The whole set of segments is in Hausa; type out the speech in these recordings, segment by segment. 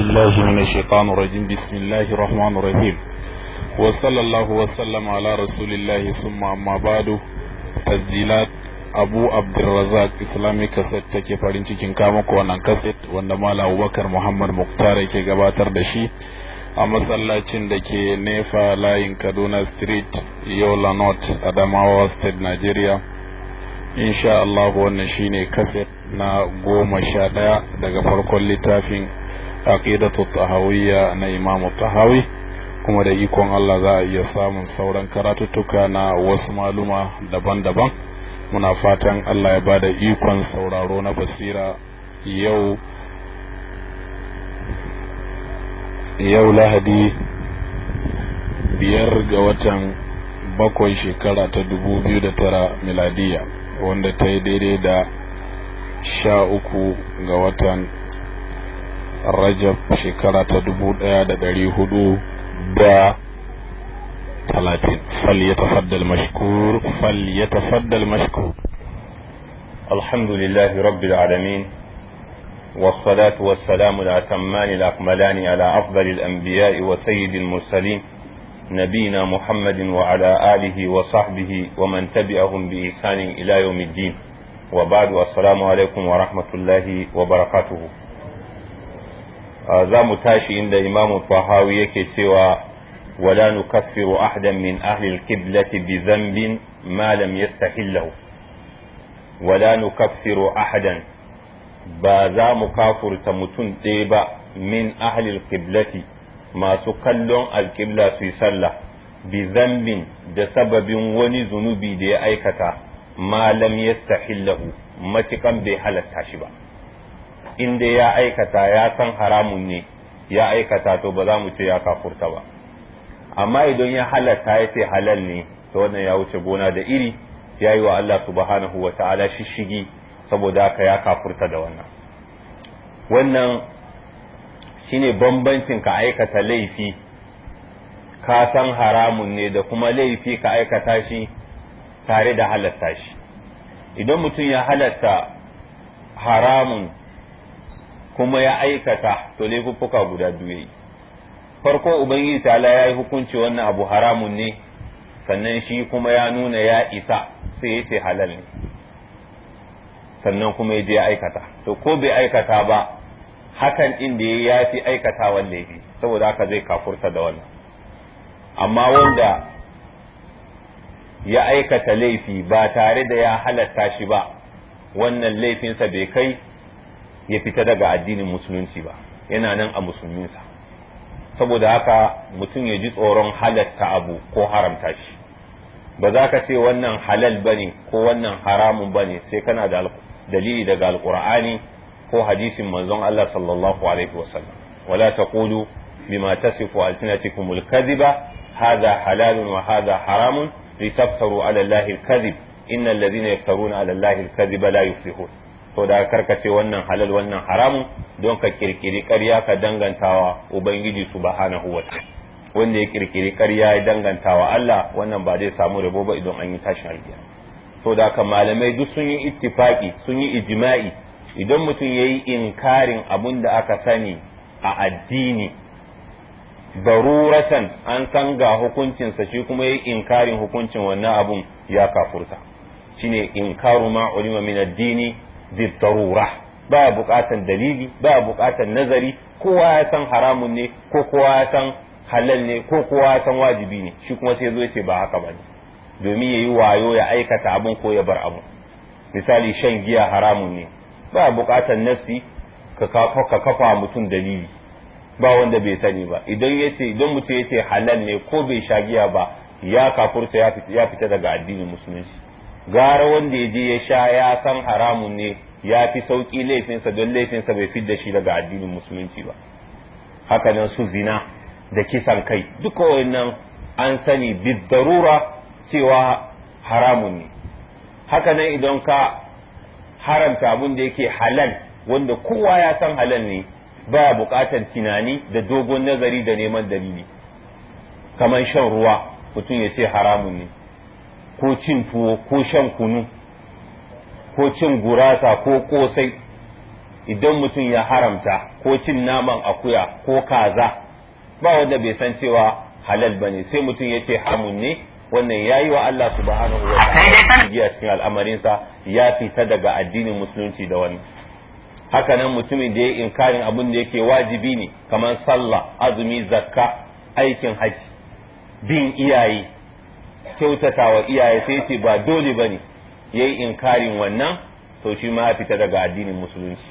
بالله من الشيطان الرجيم بسم الله الرحمن الرحيم وصلى الله وسلم على رسول الله ثم أما بعد تسجيلات farin cikin ko wannan kaset wanda mala abubakar muhammad muktar yake gabatar da shi a masallacin da ke nefa layin kaduna street yola north adamawa state nigeria insha allah wannan shine kaset na goma sha ɗaya daga farkon littafin aqidatu tahawiyya na imamu tahawi kuma da ikon Allah za a iya samun sauran karatuttuka na wasu maluma daban-daban muna fatan Allah ya bada ikon sauraro na basira yau yau lahadi biyar ga watan bakwai shekara ta dubu biyu da tara miladiya wanda ta yi daidai da sha uku ga watan الرجب shekara ta dubu ɗaya da ɗari hudu da talatin فليتفضل مشكور فليتفضل مشكور الحمد لله رب العالمين والصلاة والسلام الأتمان الأكملان على أفضل الأنبياء وسيد المرسلين نبينا محمد وعلى آله وصحبه ومن تبعهم بإحسان إلى يوم الدين وبعد السلام عليكم ورحمة الله وبركاته za mu tashi inda imamu fahawi yake cewa wala nukaffiru ahadan min ahli alqiblati bi dhanbin ma lam yastahillahu wala nukaffiru ahadan ba za mu kafurta mutum ɗaya ba min ahli alqiblati masu kallon alqibla su yi sallah bi dhanbin da sababin wani zunubi da ya aikata ma lam yastahillahu matikan bai halatta shi ba in dai ya aikata ya san haramun ne ya aikata to ba za mu ce ya kafurta ba amma idan ya halatta ya ce halal ne to wannan ya wuce gona da iri ya yi wa Allah subhanahu wa ta'ala shishigi saboda haka ya kafurta da wannan wannan shine bambancin ka aikata laifi ka san haramun ne da kuma laifi ka aikata shi tare da halatta shi idan mutum ya halatta haramun kuma ya aikata to laifuffuka guda biyu yi farko ubangiji ta ya yi hukunci wannan abu haramun ne sannan shi kuma ya nuna ya isa sai ya ce halal ne sannan kuma ya je ya aikata to ko bai aikata ba hakan din da ya fi aikata wanda ya saboda haka zai kafurta da wannan amma wanda ya aikata laifi ba tare da ya halatta shi ba wannan laifinsa bai kai ya fita daga addinin musulunci ba yana nan a musulminsa saboda haka mutum ya ji tsoron halatta abu ko haramta shi ba za ka ce wannan halal bane ko wannan haramun bane sai kana da dalili daga alkur'ani ko hadisin manzon Allah sallallahu alaihi wasallam wala taqulu bima tasifu alsinatikum alkadhiba hadha halalun wa hadha haramun litaftaru ala allahi alkadhib innal ladhina yaftaruna ala allahi alkadhiba la yuflihun to da ce wannan halal wannan haramun don ka kirkiri ƙarya ka dangantawa ubangiji subhanahu wa ta'ala wanda ya kirkiri ƙarya ya dangantawa Allah wannan ba zai samu rabo ba idan an yi tashin alkiyama to da ka malamai duk sun yi ittifaki sun yi ijma'i idan mutum yayi inkarin abun da aka sani a addini daruratan an san ga hukuncinsa shi kuma yayi inkarin hukuncin wannan abun ya kafurta shine inkaru ma ulima min addini bidarura ba buƙatan dalili ba buƙatan nazari kowa ya san haramun ne ko kowa ya san halal ne ko kowa ya san wajibi ne shi kuma sai zo ce ba haka bane domin yayi wayo ya aikata abun ko ya bar abu misali shan giya haramun ne ba buƙatan nafsi ka kafa mutum dalili ba wanda bai sani ba idan yace idan mutum yace halal ne ko bai sha giya ba ya kafurta ya fita daga addinin musulunci gara wanda ya je ya sha ya san haramun ne ya fi sauƙi laifinsa don laifinsa bai fi da shi daga addinin musulunci ba haka nan su zina da kisan kai duka wannan an sani bidarura cewa haramun ne haka nan idan ka haramta abin da yake halal wanda kowa ya san halal ne baya buƙatar tunani da dogon nazari da neman dalili kamar shan ruwa mutum ya ce haramun ne ko cin tuwo ko shan kunu ko cin gurasa ko kosai idan mutum ya haramta ko cin naman akuya ko kaza ba wanda bai san cewa halal ba ne sai mutum ya ce hamun ne wannan ya yi wa Allah subhanahu wa ta'ala cikin al'amarinsa ya fita daga addinin musulunci da wani. haka nan mutumin da ya inkarin abin da yake wajibi ne kamar sallah azumi zakka aikin haji bin iyaye kyautata wa iyaye sai ce ba dole ba ne bane yayi inkarin wannan to shi ma fita daga addinin musulunci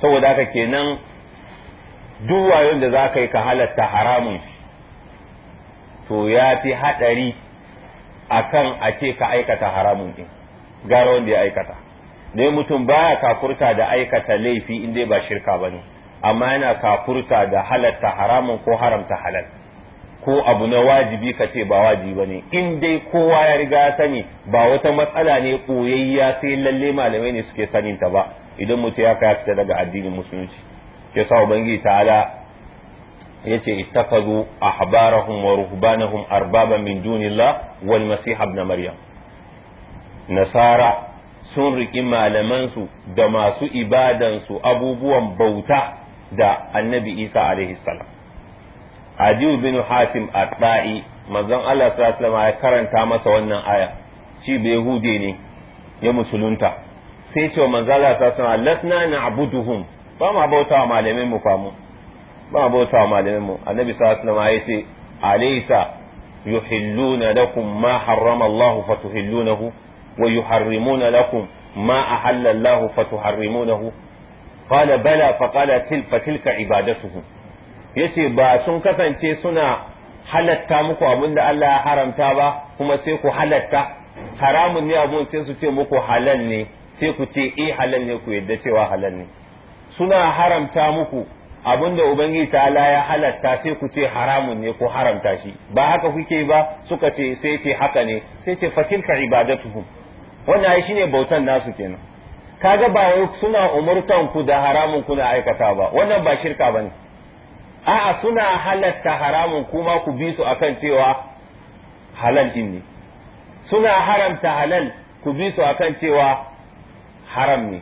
saboda haka kenan duk wayon da za ka yi ka halatta haramun to ya fi haɗari a kan a ce ka aikata haramun ɗin gara wanda ya aikata ne mutum baya kafurta da aikata laifi in ba shirka ba ne amma yana kafurta da halatta haramun ko haramta halal ko abu na wajibi ka ce ba wajibi ba ne in dai kowa ya riga sani ba wata matsala ne koyayya sai lalle malamai ne suke sanin ta ba idan mutum ya kaya fita daga addinin musulunci ke sa ubangi ta'ala yace ittakhadhu ahbarahum wa ruhbanahum arbaba min dunillah wal masih ibn maryam nasara sun riki malaman su da masu ibadansu abubuwan bauta da annabi isa alaihi salam Ajiyu bin hatim a tai manzon Allah sallallahu ya karanta masa wannan aya shi bai hude ne ya musulunta sai ce manzon Allah sallallahu alaihi lasna na'buduhum ba ma bauta wa malamin mu famu ba ma bauta wa malamin mu annabi sallallahu alaihi ya ce alaysa yuhilluna lakum ma harrama Allah fatuhillunahu wa yuharrimuna lakum ما أحل الله bala fa بلى فقال تل فتلك عبادتهم yace ba sun kasance suna halatta muku abin da Allah ya haramta ba kuma sai ku halatta haramun ne abun sai su ce muku halal ne sai ku ce eh halal ne ku yadda cewa halal ne suna haramta muku abin da ubangiji Allah ya halatta sai ku ce haramun ne ko haramta shi ba haka kuke ba suka ce sai ce haka ne sai ce fatilka ibadatuhum wannan ai shine bautan nasu kenan kaga ba suna umurtan ku da haramun na aikata ba wannan ba shirka bane a'a suna halatta haramun kuma ku bi su akan cewa halal din ne suna haramta halal ku bi su akan cewa haram ne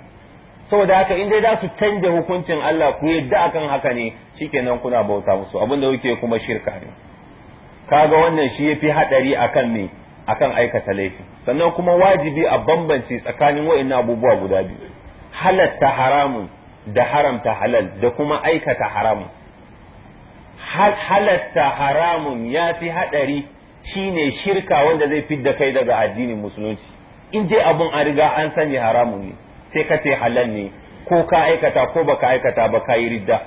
saboda haka in dai za su canja hukuncin Allah ku yadda akan haka ne shikenan kuna bauta musu abinda kuke kuma shirka ne kaga wannan shi yafi hadari akan ne akan aikata laifi sannan kuma wajibi a bambanci tsakanin wa'in abubuwa guda biyu halatta haramun da haramta halal da kuma aikata haramun halatta haramun ya fi haɗari shine shirka wanda zai fidda kai daga addinin musulunci in dai abun a riga an sani haramun ne sai ka ce halal ne ko ka aikata ko baka aikata ba ka yi ridda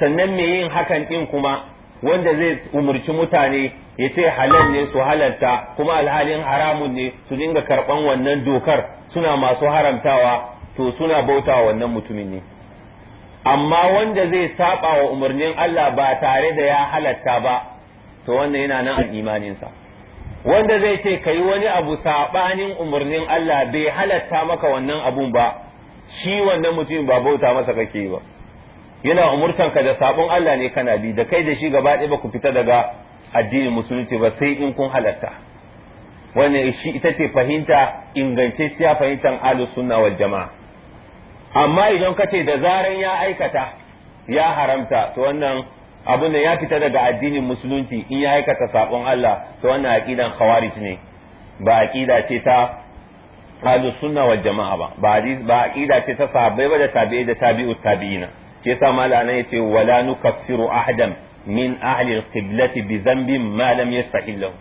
sannan me yin hakan din kuma wanda zai umurci mutane ya ce halal ne su halalta kuma alhalin haramun ne su dinga karɓan wannan dokar suna masu haramtawa to suna bauta wannan mutumin ne amma wanda zai saba wa umarnin Allah ba tare da ya halatta ba to wannan yana nan a imaninsa wanda zai ce ka yi wani abu sabanin umarnin Allah bai halatta maka wannan abun ba shi wannan mutum ba bauta masa kake ba yana umurtan ka da sabon Allah ne kana bi da kai da shi gaba ɗaya ba ku fita daga addinin musulunci ba sai in kun halatta wannan shi ita ce fahimta ingantacciya fahimtar ahlus sunna wal jama'a amma idan kace da zaran ya aikata ya haramta to wannan abin da ya fita daga addinin musulunci in ya aikata sakon Allah to wannan aqidan khawarij ne ba aqida ce ta ahlus sunna wal jama'a ba ba aqida ce ta sahabbai ba da tabi'i da tabi'ut tabi'ina ce sa malana yace wala nukaffiru ahadan min ahli al-qiblati bi dhanbin ma lam yastahillahu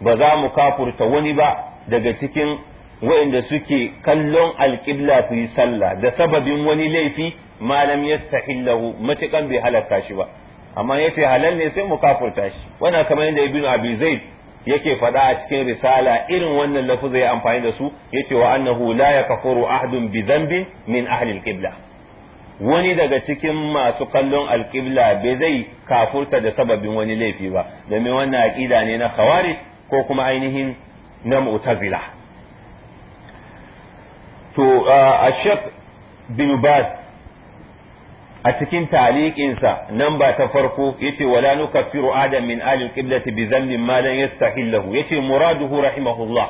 ba za mu kafurta wani ba daga cikin wa'inda suke kallon alƙibla su yi sallah da sababin wani laifi malam ya lahu matukan bai halarta shi ba amma ya ce halal ne sai mu kafurta shi wana kamar yadda ibnu abi zaid yake faɗa a cikin risala irin wannan lafuza ya amfani da su yace wa annahu la yakfuru ahadun bi dhanbin min ahli alqibla wani daga cikin masu kallon alqibla bai zai kafurta da sababin wani laifi ba domin wannan aqida ne na khawarij ko kuma ainihin na mu'tazila to a shek bin bas a cikin taliqinsa nan ba ta farko yace wala nukaffiru adam min ahli alqiblati bi dhanbin ma lan yastahillahu yace muraduhu rahimahullah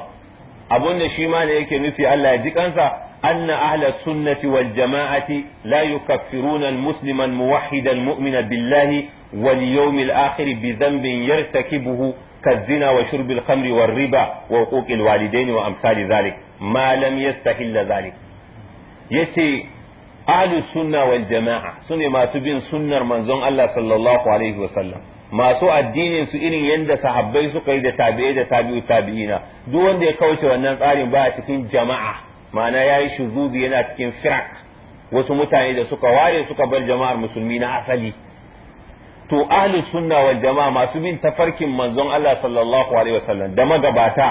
abun da shi ma ne yake nufi Allah ya ji kansa anna ahla sunnati wal jama'ati la yukaffiruna al muslima al muwahhida al mu'mina billahi wal yawmil akhir bi dhanbin yartakibuhu كالزنا وشرب الخمر والربا وحقوق الوالدين وأمثال ذلك ما لم يستحل ذلك يتي أهل السنة والجماعة سنة ما سبين سنة منزون الله صلى الله عليه وسلم ما سوء الدين سئرين يند صحابي سقي دا تابعي دا تابعي تابعينا دون دي كوتي وانا قارن بقى تكين جماعة معنى ياي شذوذ ينا تكين فرق wasu mutane da suka ware suka bar jama'ar musulmi na asali to ahli sunna wal jama'a masu bin tafarkin manzon Allah sallallahu alaihi wasallam da magabata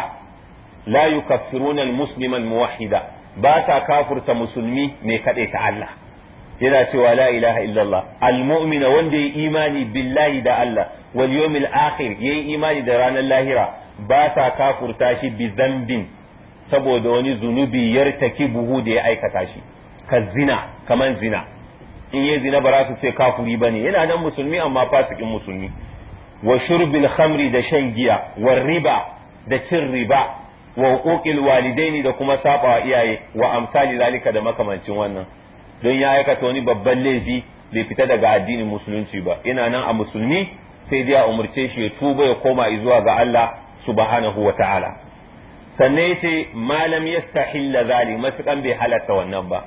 la yukaffiruna al muslima al muwahhida ba ta kafurta musulmi mai kade ta Allah yana cewa la ilaha illallah al mu'mina wanda ya imani billahi da Allah wal yawmil akhir yayi imani da ranar lahira ba ta kafurta shi bi zambin saboda wani zunubi yartaki buhu da ya aikata shi ka zina kaman zina in yi zina ba za su ce kafuri ba ne yana nan musulmi amma fasikin musulmi wa shurbil khamri da shan giya wa riba da cin riba wa huquqil walidaini da kuma wa iyaye wa amsali zalika da makamancin wannan don ya aikata wani babban laifi bai fita daga addinin musulunci ba ina nan a musulmi sai dai a umarce shi ya tuba ya koma zuwa ga Allah subhanahu wa ta'ala sannan yace malam yastahilla zali matukan bai halarta wannan ba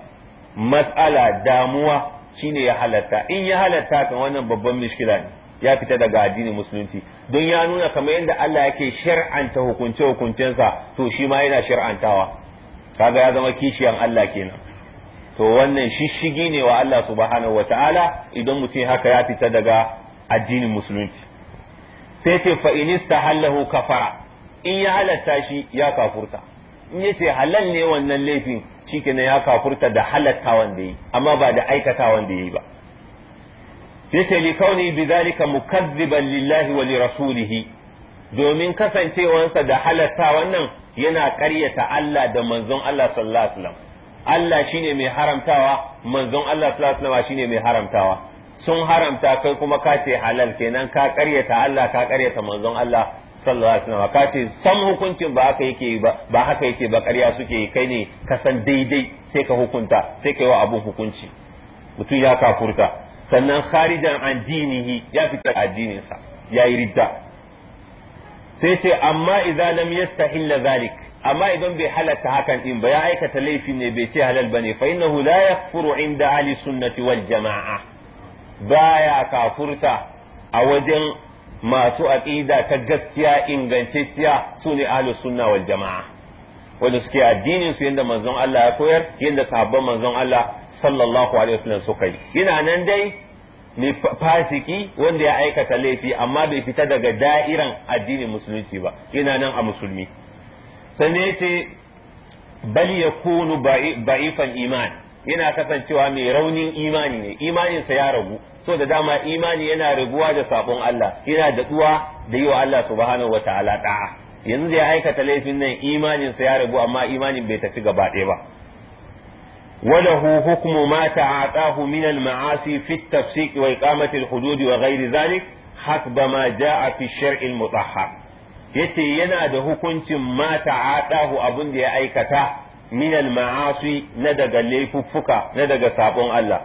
matsala damuwa shine ya halatta in ya halatta kan wannan babban mishkila ne ya fita daga addinin musulunci don ya nuna kamar yadda Allah yake shar'anta hukunce hukuncensa to shi ma yana shar'antawa kaga ya zama kishiyan Allah kenan to wannan shishigi ne wa Allah subhanahu wataala idan mutum haka ya fita daga addinin musulunci sai ce fa in istahallahu kafara in ya halatta shi ya kafurta in yace halal ne wannan laifin ke ya kafurta da halatta wanda yi amma ba da aikata wanda yi ba yace li kauni zalika mukazziban lillahi wa li rasulih domin kasancewansa da halatta wannan yana ƙaryata Allah da manzon Allah sallallahu alaihi wasallam Allah shine mai haramtawa manzon Allah sallallahu alaihi wasallam shine mai haramtawa sun haramta kai kuma ka ce halal kenan ka ƙaryata Allah ka ƙaryata manzon Allah sallallahu alaihi wasallam ka ce san hukuncin ba haka yake ba ba haka yake ba ƙarya suke kai ne ka san daidai sai ka hukunta sai ka yi wa abun hukunci mutum ya kafurta sannan kharijan an dinihi ya fita addininsa ya yi ridda sai ce amma idan lam yastahilla zalik amma idan bai halatta hakan din ba ya aikata laifi ne bai ce halal bane fa innahu la yakfuru inda ahli sunnati wal jamaa baya kafurta a wajen masu aqida ta gaskiya ingantacciya sune ahlus sunna wal jamaa wanda suke addinin su yanda manzon Allah ya koyar yanda sahabban manzon Allah sallallahu alaihi wasallam suka yi yana nan dai ne fasiki wanda ya aikata laifi amma bai fita daga da'iran addinin musulunci ba yana nan a musulmi sannan yace bal yakunu ba'ifan iman yana kasancewa mai raunin imani ne imaninsa ya ragu so da dama imani yana raguwa da sabon Allah yana da tsuwa da yi wa Allah subhanahu wa ta'ala da'a yanzu da ya aikata laifin nan imaninsa ya ragu amma imanin bai tafi gaba ɗaya ba وله حكم ما تعاطاه من المعاصي في التفسيق وإقامة الحدود وغير ذلك حسب ما جاء في الشرع المطهر yace yana da hukuncin mata ta'atahu abin da ya aikata minal ma'asi na daga laifuffuka na daga sabon Allah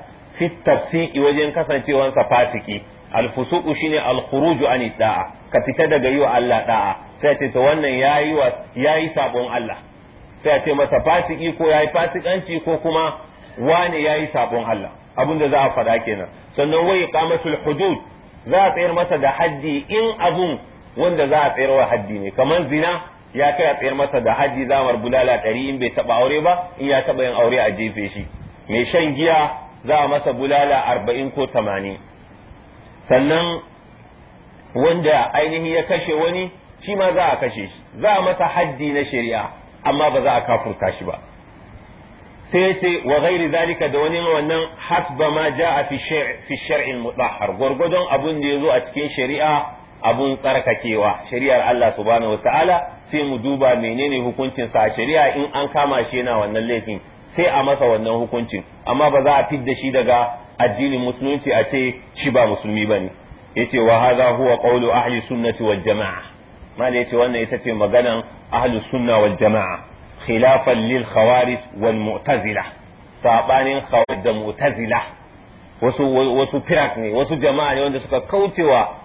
fi wajen kasancewansa fasiki alfusuqu shine alkhuruju an da'a ka fita daga yiwa wa Allah da'a sai ce to wannan yayi wa yayi Allah sai ce masa fasiki ko yayi fasikanci ko kuma wa wane yayi saɓon Allah abin da za a faɗa kenan sannan wai iqamatul hudud za a tsayar masa da haddi in abun wanda za a tsayar wa haddi ne kamar zina ya kai a tsayar masa da haji zamar bulala ɗari in bai taɓa aure ba in ya taɓa yin aure a jefe shi mai shan giya za a masa bulala arba'in ko tamanin sannan wanda ainihin ya kashe wani shi ma za a kashe shi za a masa haddi na shari'a amma ba za a kafurta shi ba sai ce wa gairi zalika da wani wannan hasba ma ja'a fi shar'in mudahhar gwargwadon abun da zo a cikin shari'a abun tsarkakewa shari'ar Allah subhanahu wataala sai mu duba menene hukuncin sa shari'a in an kama shi yana wannan laifin sai a masa wannan hukuncin amma ba za a fidda shi daga addinin musulunci a ce shi ba musulmi bane yace wa hadha huwa qawlu ahli sunnati wal jamaa mal yace wannan ita ce maganan ahli sunna wal jamaa khilafan lil khawarij wal mu'tazila sabanin khawarij da mu'tazila wasu wasu firak ne wasu jama'a ne wanda suka kaucewa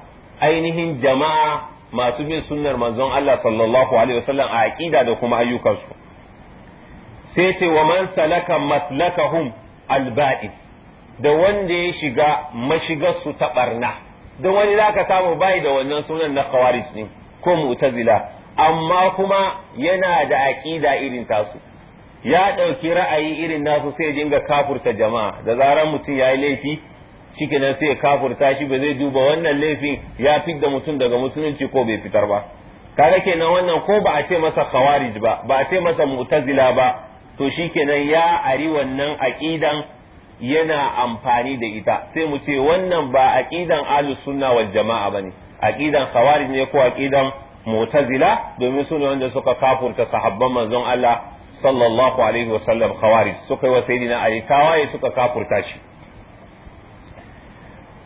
ainihin jama'a masu bin sunnar manzon Allah sallallahu alaihi wasallam a aqida da kuma ayyukansu sai ce wa man salaka maslakahum alba'i da wanda ya shiga mashigarsu ta barna don wani zaka samu bai da wannan sunan na khawarij ne ko mu'tazila amma kuma yana da aqida irin tasu ya ɗauki ra'ayi irin nasu sai dinga kafurta jama'a da zaran mutum ya yi laifi shikenan sai ya kafurta shi ba zai duba wannan laifin ya da mutum daga musulunci ko bai fitar ba kaga kenan wannan ko ba a ce masa khawarij ba ba a ce masa mu'tazila ba to shikenan ya ari wannan aqidan yana amfani da ita sai mu ce wannan ba aqidan ahlus sunna wal jama'a bane aqidan khawarij ne ko aqidan mu'tazila domin sun wanda suka kafurta sahabban manzon Allah sallallahu alaihi wasallam khawarij suka yi wa sayyidina ali tawaye suka kafurta shi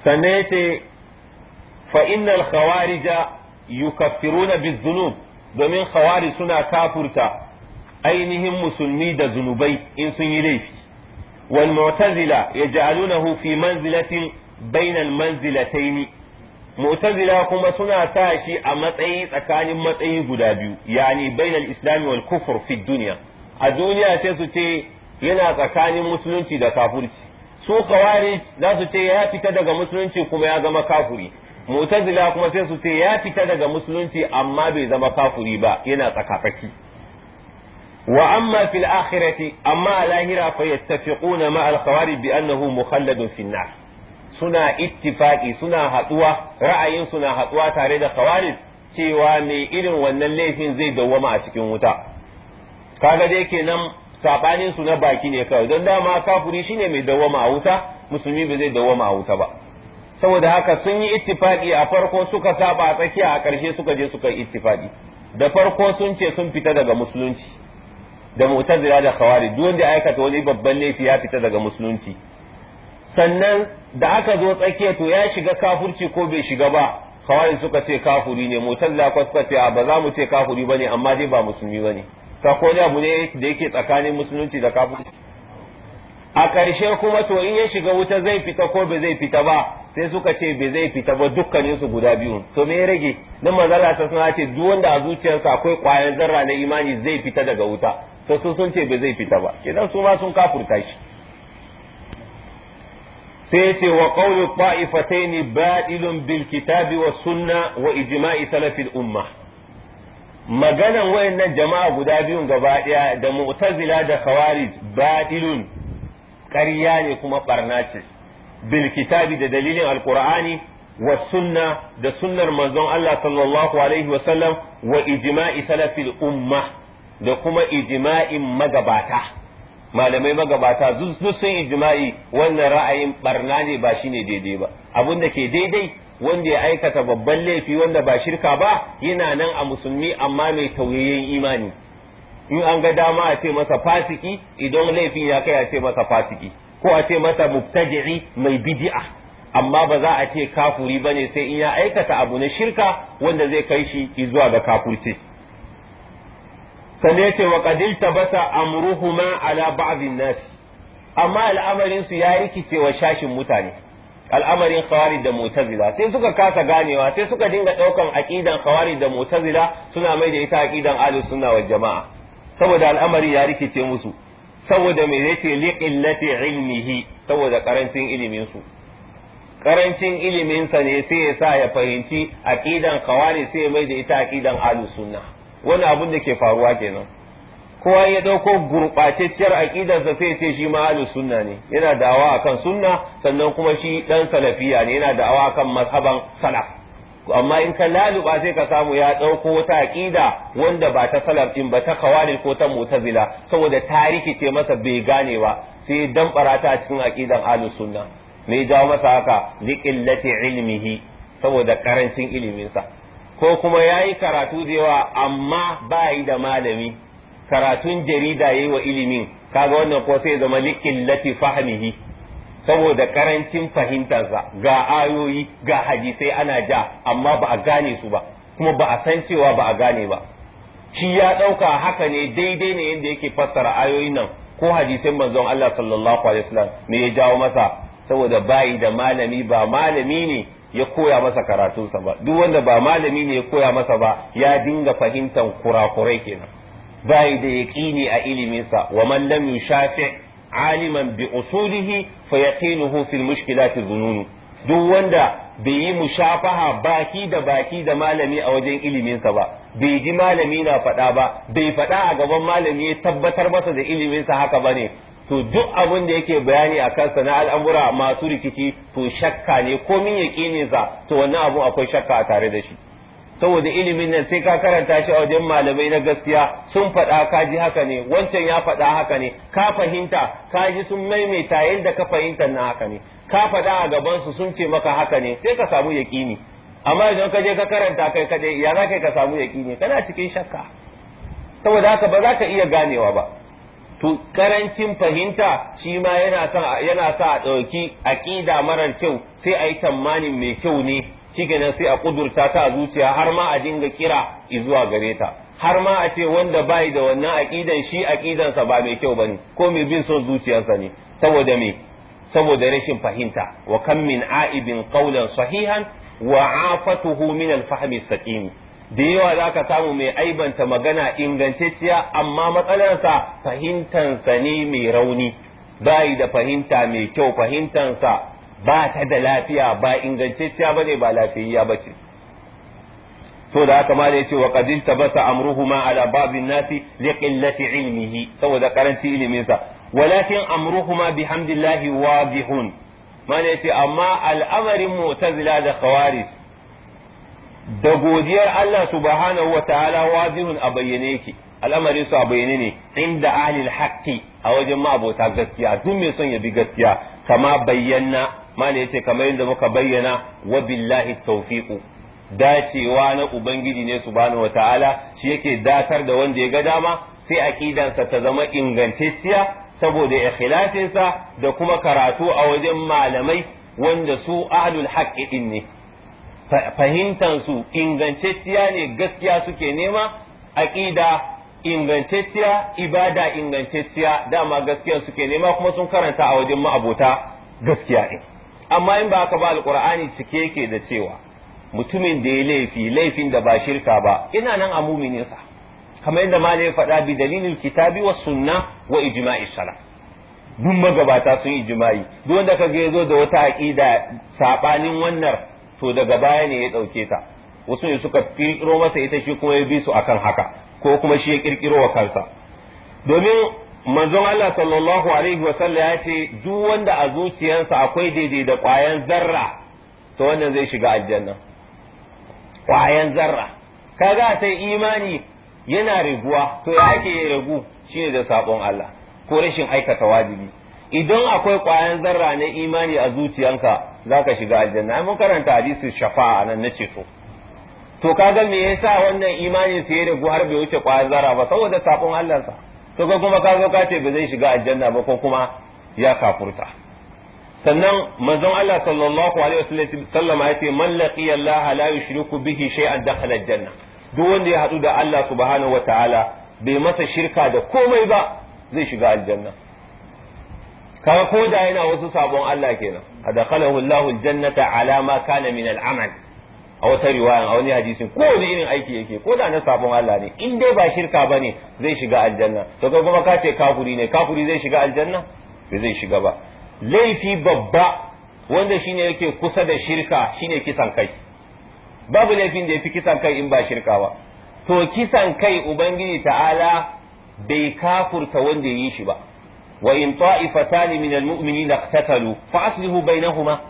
sannan ya ce fa innal na yukaffiruna bizunub domin khawari suna kafurta ainihin musulmi da zunubai in sun yi laifi wal mu'tazila yaj'alunahu fi manzilatin bainal ne mu'tazila kuma suna sa shi a matsayi tsakanin matsayi guda biyu yani bainal islami wal kufur fi duniya a duniya sai su ce yana tsakanin musulunci da kafurci so kawari za su ce ya fita daga musulunci kuma ya zama kafuri mu'tazila kuma sai su ce ya fita daga musulunci amma bai zama kafuri ba yana tsakafaki wa amma fil akhirati amma a lahira fa yattafiquna ma al khawarij bi annahu mukhalladun fin nar suna ittifaqi suna haduwa ra'ayin suna haduwa tare da khawarij cewa mai irin wannan laifin zai dawwama a cikin wuta kaga dai kenan sabanin su na baki ne kawai don dama kafuri shine mai dawama a wuta musulmi ba zai dawama a wuta ba saboda haka sun yi ittifaqi a farko suka saba a tsakiya a ƙarshe suka je suka yi ittifaqi da farko sun ce sun fita daga musulunci da mu'tazila da khawarij duk wanda aikata wani babban laifi ya fita daga musulunci sannan da aka zo tsakiya to ya shiga kafurci ko bai shiga ba khawarij suka ce kafuri ne mu'tazila ko suka ce ba za mu ce kafuri bane amma dai ba musulmi bane ta ko abu ne da yake tsakanin musulunci da kafirci a ƙarshe kuma to in ya shiga wuta zai fita ko ba zai fita ba sai suka ce bai zai fita ba dukkanin su guda biyu to me ya rage nan manzala ta suna ce duk wanda a zuciyarsa akwai ƙwayar zarra na imani zai fita daga wuta to su sun ce bai zai fita ba idan su ma sun kafurta shi sai ce wa qawlu ta'ifatayn badilun bil kitabi was sunna wa ijma'i salafil ummah maganan wayannan jama'a guda biyun gaba daya da mu'tazila da khawarij batilun ƙarya ne kuma ɓarna ce bil kitabi da dalilin alqur'ani wa sunna da sunnar manzon Allah sallallahu alaihi wa sallam wa ijma'i salafil umma da kuma ijma'in magabata malamai magabata duk sun ijma'i wannan ra'ayin barna ne ba shine daidai ba abin da ke daidai wanda ya aikata babban laifi wanda ba shirka ba yana nan a musulmi amma mai tauyayyen imani in an ga dama a ce masa fasiki idan laifin ya kai a ce masa fasiki ko a ce masa mubtadi'i mai bid'a amma ba za a ce kafuri ba ne sai in ya aikata abu na shirka wanda zai kai shi zuwa ga kafurci sannan yace wa qadil tabata amruhuma ala ba'dhin nas amma al'amarin su ya rikice wa shashin mutane al'amarin khawarij da mu'tazila sai suka kasa ganewa sai suka dinga daukan aqidan khawarij da mu'tazila suna mai da ita aqidan ahlus sunna wal jamaa saboda al'amari ya rikice musu saboda me yace liqillati ilmihi saboda karancin ilimin su karancin ilimin sa ne sai ya sa ya fahimci aqidan khawarij sai mai da ita aqidan ahlus sunna wani abun da ke faruwa kenan kowa ya dauko gurbatacciyar aqidarsa sai ce shi ma ahlus sunna ne yana da'awa akan sunna sannan kuma shi dan salafiya ne yana da'awa akan mazhaban salaf amma in ka laluba sai ka samu ya dauko wata aqida wanda ba ta salaf din ba ta khawarij ko ta mu'tazila saboda tarihi ce masa bai gane ba sai dan barata cikin aqidan ahlus sunna Mai jawo masa haka liqillati ilmihi saboda karancin iliminsa ko kuma yayi karatu da yawa amma ba yi da malami karatun jarida yayi wa ilimin kaga wannan ko sai zama lati fahmihi saboda karancin fahimtarsa ga ayoyi ga hadisai ana ja amma ba a gane su ba kuma ba a san cewa ba a gane ba shi ya ɗauka haka ne daidai ne yanda yake fassara ayoyin nan ko hadisin manzon Allah sallallahu alaihi wasallam me ya jawo masa saboda bayi da malami ba malami ne ya koya masa karatunsa ba duk wanda ba malami ne ya koya masa ba ya dinga fahimtar kurakurai kenan bai da yaqini a iliminsa wa man lam yushafi aliman bi usulihi fa yaqinuhu fil mushkilati zununu duk wanda bai yi mushafaha baki da baki da malami a wajen iliminsa ba bai ji malami na faɗa ba bai faɗa a gaban malami ya tabbatar masa da iliminsa haka bane to duk abin da yake bayani a kansa na al'amura masu rikici to shakka ne komin yaƙininsa to wannan abu akwai shakka a tare da shi saboda ilimin nan sai ka karanta shi a wajen malamai na gaskiya sun faɗa ka ji haka ne wancan ya faɗa haka ne ka fahimta ka ji sun maimaita yadda ka fahimta na haka ne ka faɗa a gabansu sun ce maka haka ne sai ka samu yaƙini amma idan ka je ka karanta kai kaɗai ya za kai ka samu yaƙini kana cikin shakka saboda haka ba za ka iya ganewa ba to karancin fahimta shi ma yana sa a ɗauki aƙida marar kyau sai a yi tsammanin mai kyau ne shikenan sai a kudurta ta a zuciya har ma a dinga kira zuwa gare ta har ma a ce wanda bai da wannan aqidan shi aqidansa ba mai kyau bane ko mai bin son zuciyarsa ne saboda me saboda rashin fahimta wa kam min aibin qawlan sahihan wa afatuhu min al-fahmi saqim da yawa za ka samu mai aibanta magana ingantacciya amma matsalarsa fahimtansa ne mai rauni bai da fahimta mai kyau fahimtansa ba ta da lafiya ba ingantacciya bane ba lafiyayya bace to da haka ma da ce wa qad tabasa amruhuma ala babin nasi li qillati ilmihi saboda karanci ilimin sa walakin amruhuma bihamdillahi wadihun ma da yace amma al'amarin mu'tazila da khawarij da godiyar Allah subhanahu wata ta'ala wadihun a bayyane yake al'amarin su a bayyane ne inda ahlil hakki a wajen ma abota gaskiya duk mai son ya bi gaskiya kama bayyana mala yace kamar yadda muka bayyana wa billahi tawfiqu dacewa na ubangiji ne subhanahu wataala shi yake datar da wanda ya ga dama sai aqidansa ta zama ingantacciya saboda ikhlasinsa da kuma karatu a wajen malamai wanda su ahlul haqqi din ne su ingantacciya ne gaskiya suke nema aƙida ingantacciya ibada ingantacciya dama gaskiya suke nema kuma sun karanta a wajen ma'abota gaskiya ne amma in ba ka ba alkur'ani cike yake da cewa mutumin da ya laifi laifin da ba shirka ba ina nan a sa kamar yadda ma ya faɗa bi dalilin kitabi wa sunna wa ijma'i salaf duk magabata sun yi jima'i duk wanda ka ga yazo da wata aqida sabanin wannan to daga baya ne ya dauke ta wasu ne suka kirkiro masa ita shi kuma ya bi su akan haka ko kuma shi ya kirkiro wa kansa domin manzon Allah sallallahu alaihi wa sallam ya ce duk wanda a zuciyarsa akwai daidai da ƙwayan zarra to wannan zai shiga aljanna ƙwayan zarra kaga sai imani yana riguwa to ya ake ragu shine da sabon Allah ko rashin aikata wajibi idan akwai ƙwayan zarra na imani a zuciyanka zaka shiga aljanna mun karanta hadisi shafa'a nan na ceto to kaga me yasa wannan imani sai ya ragu har bai wuce ƙwayan zarra ba saboda sabon Allah sa to kuma ka zo ka ce ba zai shiga aljanna ba ko kuma ya kafurta sannan manzon Allah sallallahu alaihi wasallam ya ce man laqiya Allah la yushriku bihi shay'an dakhala aljanna duk wanda ya hadu da Allah subhanahu wataala bai masa shirka da komai ba zai shiga aljanna kaga ko da yana wasu sabon Allah kenan adakhalahu Allahu aljannata ala ma kana min al'amal a wata riwaya a wani hadisi ko wani irin aiki yake ko da na sabon Allah ne in dai ba shirka bane zai shiga aljanna to kai kuma kace kafuri ne kafuri zai shiga aljanna ba zai shiga ba laifi babba wanda shine yake kusa da shirka shine kisan kai babu laifin da yafi kisan kai in ba shirka ba to kisan kai ubangiji ta'ala bai kafurta wanda yi shi ba wa in ta'ifatan min almu'minina iqtatalu fa aslihu bainahuma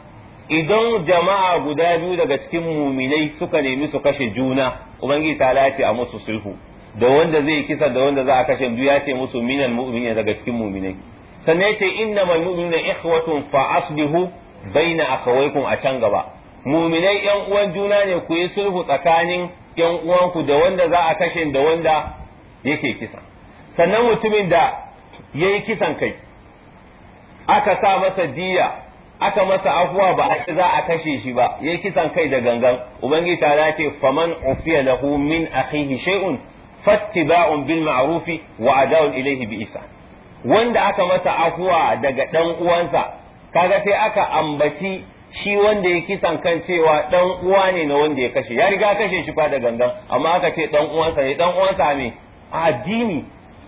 idan jama'a guda biyu daga cikin muminai suka nemi su kashe juna ubangiji ta lati a musu sulhu da wanda zai kisa da wanda za a kashe biyu ya ce musu minal mu'minin daga cikin muminai sannan yace inna mal mu'minina ikhwatun fa aslihu baina akawaykum a can gaba muminai yan uwan juna ne ku yi sulhu tsakanin yan uwanku da wanda za a kashe da wanda yake kisa sannan mutumin da yayi kisan kai aka sa masa diya aka masa afuwa ba a za a kashe shi ba yayi kisan kai da gangan ubangiji ta ce faman ufiya lahu min akhihi shay'un fattiba'un bil ma'ruf wa ada'un ilayhi bi isa wanda aka masa afuwa daga dan uwansa kaga sai aka ambaci shi wanda ya kisan kan cewa dan uwa ne na wanda ya kashe ya riga kashe shi fa da gangan amma aka ce dan uwansa ne dan uwansa ne addini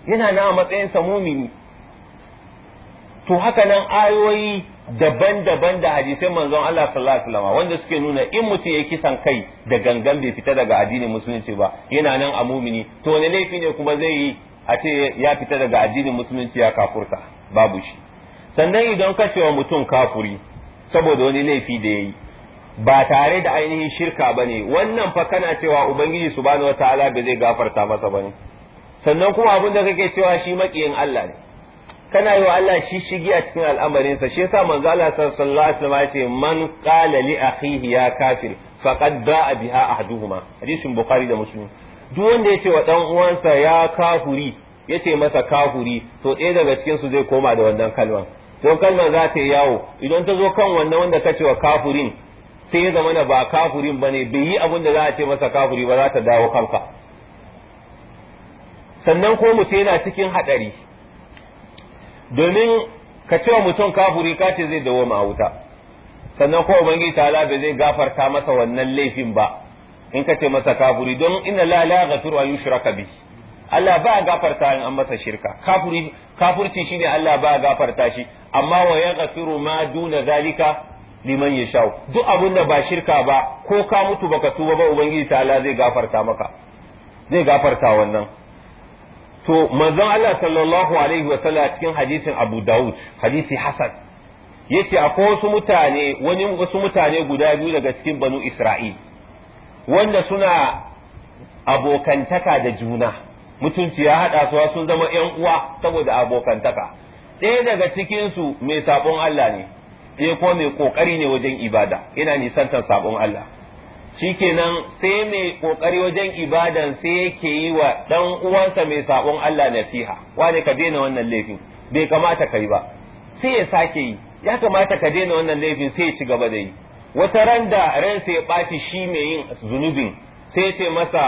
yana na matsayin sa mumini to haka nan ayoyi daban-daban da hadisai manzon Allah sallallahu alaihi wasallam wanda suke nuna in mutum ya kisan kai da gangan bai fita daga addinin musulunci ba yana nan a mumini to wani laifi ne kuma zai yi a ce ya fita daga addinin musulunci ya kafurta babu shi sannan idan ka cewa mutum kafuri saboda wani laifi da ya yi ba tare da ainihin shirka ba ne wannan fa kana cewa ubangiji subhanahu wataala bai zai gafarta masa bane sannan kuma abin da kake cewa shi makiyin Allah ne kana yi wa Allah shi shigi a cikin al'amarinsa shi yasa manzo Allah sallallahu alaihi wasallam yace man qala li akhihi ya kafir faqad ba'a biha ahaduhuma hadisin bukhari da muslim duk wanda yace wa dan uwansa ya kafuri yace masa kafuri to ɗaya daga cikin su zai koma da wannan kalman don kalmar za ta yawo idan ta zo kan wannan wanda ce wa kafurin sai ya zama ba kafurin bane bai yi abin da za a ce masa kafuri ba za ta dawo kanka sannan ko mutum yana cikin hadari domin ka ce wa mutum kafuri ka ce zai dawo a wuta sannan ko ubangiji ta bai zai gafarta masa wannan laifin ba in ka ce masa kafuri don ina la la ghafuru an yushraka Allah ba gafarta in an masa shirka kafuri kafurci shine Allah ba gafarta shi amma wa yaghfiru ma duna zalika liman ya duk abin da ba shirka ba ko ka mutu baka tuba ba ubangiji ta'ala zai gafarta maka zai gafarta wannan to manzon Allah sallallahu alaihi wa sallam cikin hadisin Abu Dawud hadisi Hasan yace akwai wasu mutane wani wasu mutane guda biyu daga cikin Banu Isra'il wanda suna abokantaka da juna mutunci ya hada su sun zama ƴan uwa saboda abokantaka ɗaya daga cikin su mai sabon Allah ne ɗaya ko mai kokari ne wajen ibada yana nisantar sabon Allah shikenan sai mai kokari wajen ibadan sai yake yi wa ɗan uwansa mai sabon Allah nasiha wane ka daina wannan laifin bai kamata ka yi ba sai ya sake yi ya kamata ka daina wannan laifin sai ya ci gaba da yi wata ran da ran sai ya ɓaci shi mai yin zunubin sai ya ce masa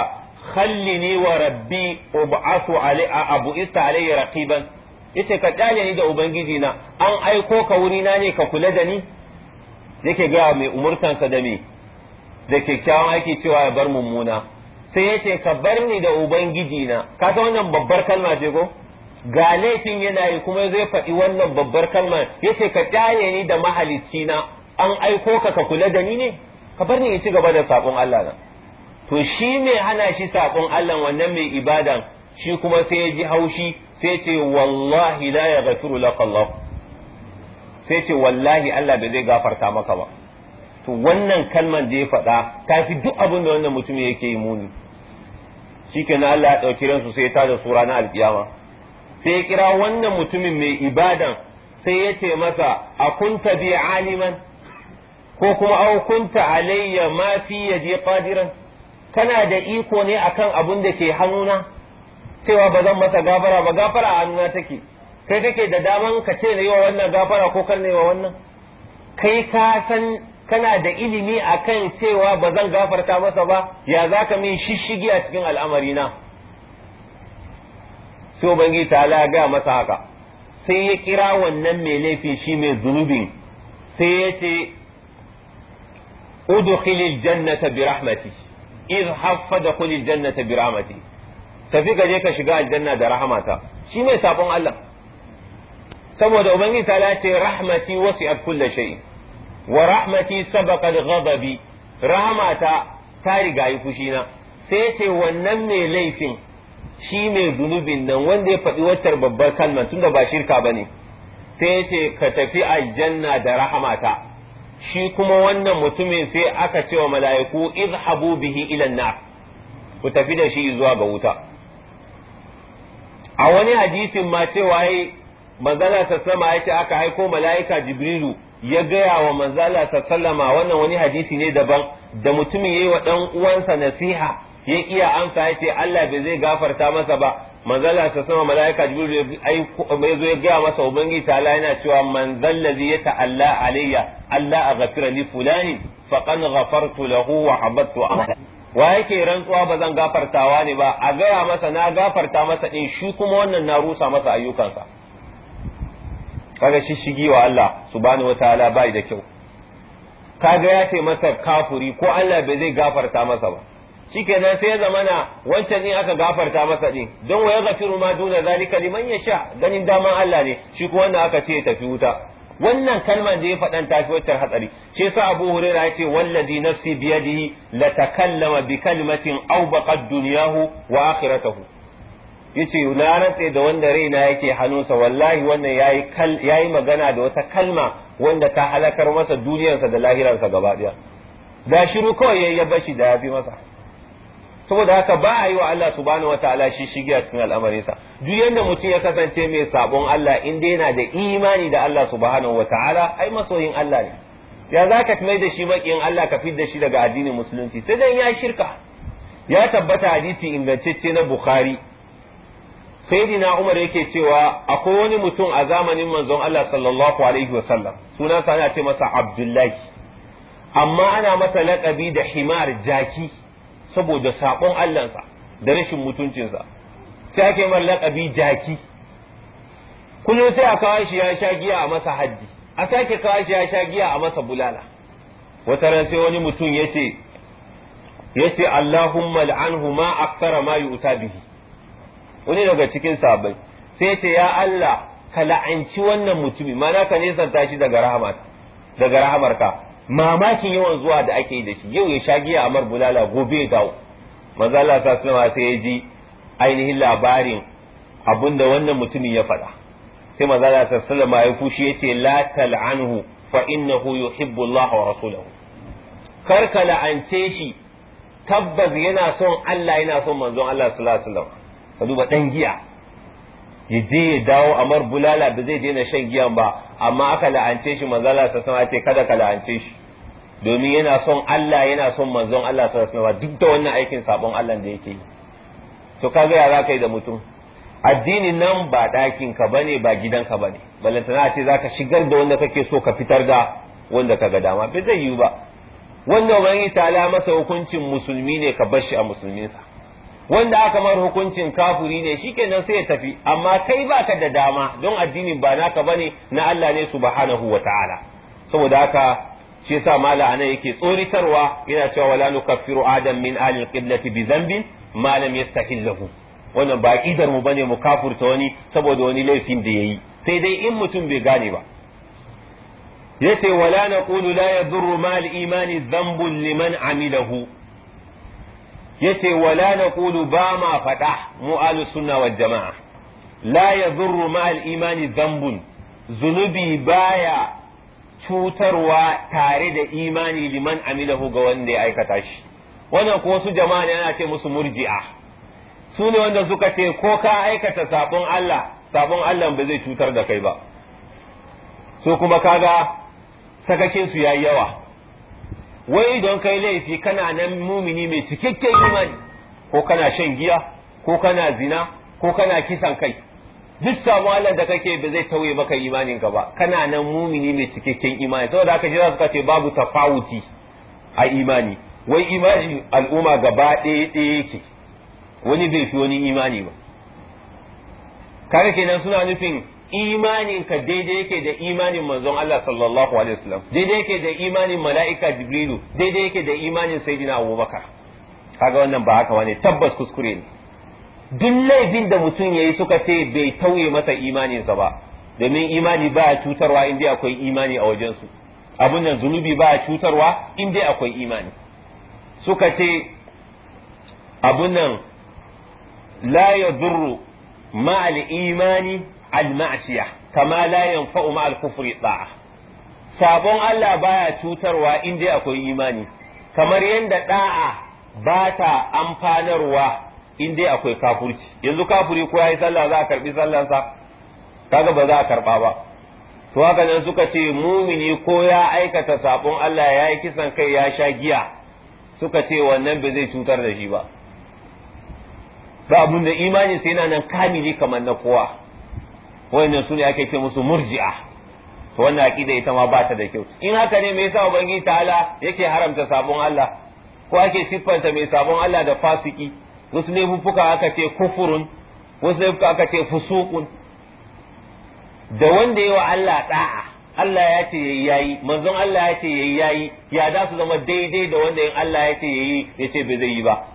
khallini wa rabbi ub'athu alai abu isa alai raqiban yace ka kyale ni da ubangiji na an aiko ka wuri na ne ka kula da ni yake ga mai umurtansa da me da kyakkyawan aiki cewa ya bar mummuna sai ya ce ka bar ni da ubangiji na kaga wannan babbar kalma ce ko ga laifin yana yi kuma zai faɗi wannan babbar kalma ya ce ka tsaye ni da mahalicci na an aiko ka ka kula da ni ne ka bar ni in ci gaba da saƙon Allah na to shi mai hana shi saƙon Allah wannan mai ibadan shi kuma sai ya ji haushi sai ce wallahi la ya gafiru laka Allah sai ce wallahi Allah bai zai gafarta maka ba to wannan kalman da ya faɗa ta fi duk abin da wannan mutum yake yi muni na Allah ya ɗauki ransu sai ta da su na alƙiyama sai ya kira wannan mutumin mai ibadan sai ya ce masa a kunta bi aliman ko kuma au kunta alayya ma fi yaji qadiran kana da iko ne akan abin da ke hannuna cewa ba zan masa gafara ba gafara a hannuna take kai kake da daman ka ce na yi wa wannan gafara ko kan na yi wa wannan kai ka san kana da ilimi a kan cewa ba zan gafarta masa ba ya za ka min shishigi a cikin al'amarina sai ubangiji ta ya gaya masa haka sai ya kira wannan mai laifin shi mai zunubin sai ya ce udkhilil jannata bi rahmati izhab da kulil jannata bi rahmati tafi ka je ka shiga aljanna da rahamata shi mai sabon Allah saboda ubangiji ta ce rahmati wasi'at kulli shay'in wa rahmati sabaqa ghadabi rahmata ta riga yi fushina sai ce wannan mai laifin shi mai zunubin nan wanda ya faɗi watar babbar kalmar tunda ba shirka bane sai ce ka tafi aljanna da rahmata shi kuma wannan mutumin sai aka ce wa mala'iku izhabu bihi ila nar ku tafi da shi zuwa ga wuta a wani hadisin ma cewa manzala ta sallama yake aka aiko mala'ika jibrilu ya gaya wa manzala ta sallama wannan wani hadisi ne daban da mutumin yayi wa dan uwansa nasiha ya iya amsa ya ce Allah bai zai gafarta masa ba manzala ta sama mala'ika jibrilu ya aiko zo ya gaya masa ubangiji ta Allah yana cewa manzala ya ya ta'alla alayya Allah aghfira li fulani faqad ghafartu lahu wa habattu amala wa yake rantsuwa ba zan gafartawa ne ba a gaya masa na gafarta masa din shi kuma wannan na rusa masa ayyukansa kaga shishigi wa Allah subhanahu wataala bai da kyau kaga ya ce masa kafuri ko Allah bai zai gafarta masa ba shikenan sai ya zamana wancan din aka gafarta masa din don wa yaghfiru ma duna zalika liman yasha ganin daman Allah ne shi ko wanda aka ce tafi wuta wannan kalmar da ya faɗan tafi wacce hatsari ce sa Abu Hurairah yace wallazi nafsi biyadihi la takallama bi kalimatin aw baqad dunyahu wa akhiratahu yace na rantse da wanda raina yake hannunsa wallahi wannan yayi kal yayi magana da wata kalma wanda ta halakar masa duniyarsa da lahirarsa gaba daya da shiru kawai yayi ya bashi da yafi masa saboda haka ba a yi wa Allah subhanahu wataala shi a cikin sa duk yanda mutum ya kasance mai sabon Allah in dai yana da imani da Allah subhanahu wataala ai masoyin Allah ne ya zaka mai da shi bakin Allah ka fidda shi daga addinin musulunci sai dan ya shirka ya tabbata hadisi ingantacce na Bukhari sayyidina Umar yake cewa akwai wani mutum a zamanin manzon Allah sallallahu alaihi wasallam sunansa ana ce masa Abdullahi amma ana masa laƙabi da himar jaki saboda saƙon Allahnsa da rashin mutuncinsa sai ake mar laƙabi jaki kullum sai a kawo ya sha giya a masa haddi a sake kawo ya sha giya a masa bulala wata ran sai wani mutum yace yace Allahumma la'anhu ma aktara ma yu'ta wani daga cikin sabai sai ce ya Allah ka la'anci wannan mutumi mana ka nesanta tashi daga rahamar daga rahamarka mamakin yawan zuwa da ake yi da shi yau ya sha giya amar bulala gobe ya dawo manzo Allah ta sallama sai ya ji ainihin labarin abinda wannan mutumin ya faɗa sai manzo Allah ta sallama ya fushi yace la tal'anhu fa innahu yuhibbu Allah wa rasuluhu kar ka la'ance shi tabbas yana son Allah yana son manzon Allah sallallahu alaihi wasallam ka duba ɗan giya ya je ya dawo amar bulala da zai daina shan giyan ba amma aka la'ance shi manzala ta sama ce kada ka la'ance shi domin yana son Allah yana son manzon Allah ta alaihi duk da wannan aikin sabon Allah da yake yi to ka gaya za ka yi da mutum addini nan ba ɗakin ka bane ba gidanka bane balantana a ce za ka shigar da wanda kake so ka fitar da wanda ga dama bai zai yiwu ba wanda ubangiji ta masa hukuncin musulmi ne ka bar shi a musulminsa wanda aka mar hukuncin kafuri ne shikenan sai ya tafi amma kai baka da dama don addinin ba naka bane na Allah ne subhanahu wataala saboda haka shi yasa mala anan yake tsoritarwa yana cewa wala nukaffiru adam min Ali qiblati bi dhanbin ma lam yastahillahu wannan ba kidar mu bane mu kafurta wani saboda wani laifin da yayi sai dai in mutum bai gane ba yace wala naqulu la yadhurru ma al imani dhanbun liman amilahu yace wala naqulu ba ma faɗa mu ahlus sunna wal jama'a la yadhurru ma al imani dhanbun zunubi baya cutarwa tare da imani liman amilahu ga wanda ya aikata shi wannan ko su jama'a ne ana ce musu murji'a su ne wanda suka ce ko ka aikata sabon Allah sabon Allah ba zai cutar da kai ba so kuma kaga sakakin su yayi yawa wai don kai laifi kana nan mumini mai cikakken imani ko kana shan giya ko kana zina ko kana kisan kai duk samu Allah da kake ba zai tauye maka imanin ka ba kana nan mumini mai cikakken imani saboda haka jira suka ce babu tafawuti a imani wai imani al'umma gaba ɗaya ɗaya yake wani bai fi wani imani ba kare kenan suna nufin imaninka daidai yake da imanin manzon Allah sallallahu alaihi wasallam daidai yake da imanin mala'ika jibrilu daidai yake da imanin sayyidina abubakar kaga wannan ba haka bane tabbas kuskure ne duk laifin da mutum yayi suka ce bai tauye masa imaninsa ba domin imani ba a cutarwa in dai akwai imani a wajensu abun nan zunubi ba a cutarwa in dai akwai imani suka ce abun nan la yadurru ma al imani al-ma'siyah kama la yanfa'u ma al-kufri ta'a sabon Allah baya cutarwa in dai akwai imani kamar yadda da'a ba ta amfanarwa in dai akwai kafurci yanzu kafuri ko yayi sallah za a karbi sallansa kaga ba za a karba ba to haka nan suka ce mumini ko ya aikata sabon Allah ya yi kisan kai ya sha giya suka ce wannan ba zai cutar da shi ba ba abun da imani sai yana nan kamili kamar na kowa su ne ake ce musu murji'a to wannan aqida ita ma ba ta da kyau in haka ne me yasa ubangiji ta'ala yake haramta sabon Allah ko ake siffanta mai sabon Allah da fasiki wasu fuka aka ce kufurun wasu fuka aka ce fusukun da wanda yawa Allah da'a Allah ya ce yayi yayi manzon Allah ya ce yayi yayi ya da su zama daidai da wanda in Allah ya ce yayi ya ce bai zai yi ba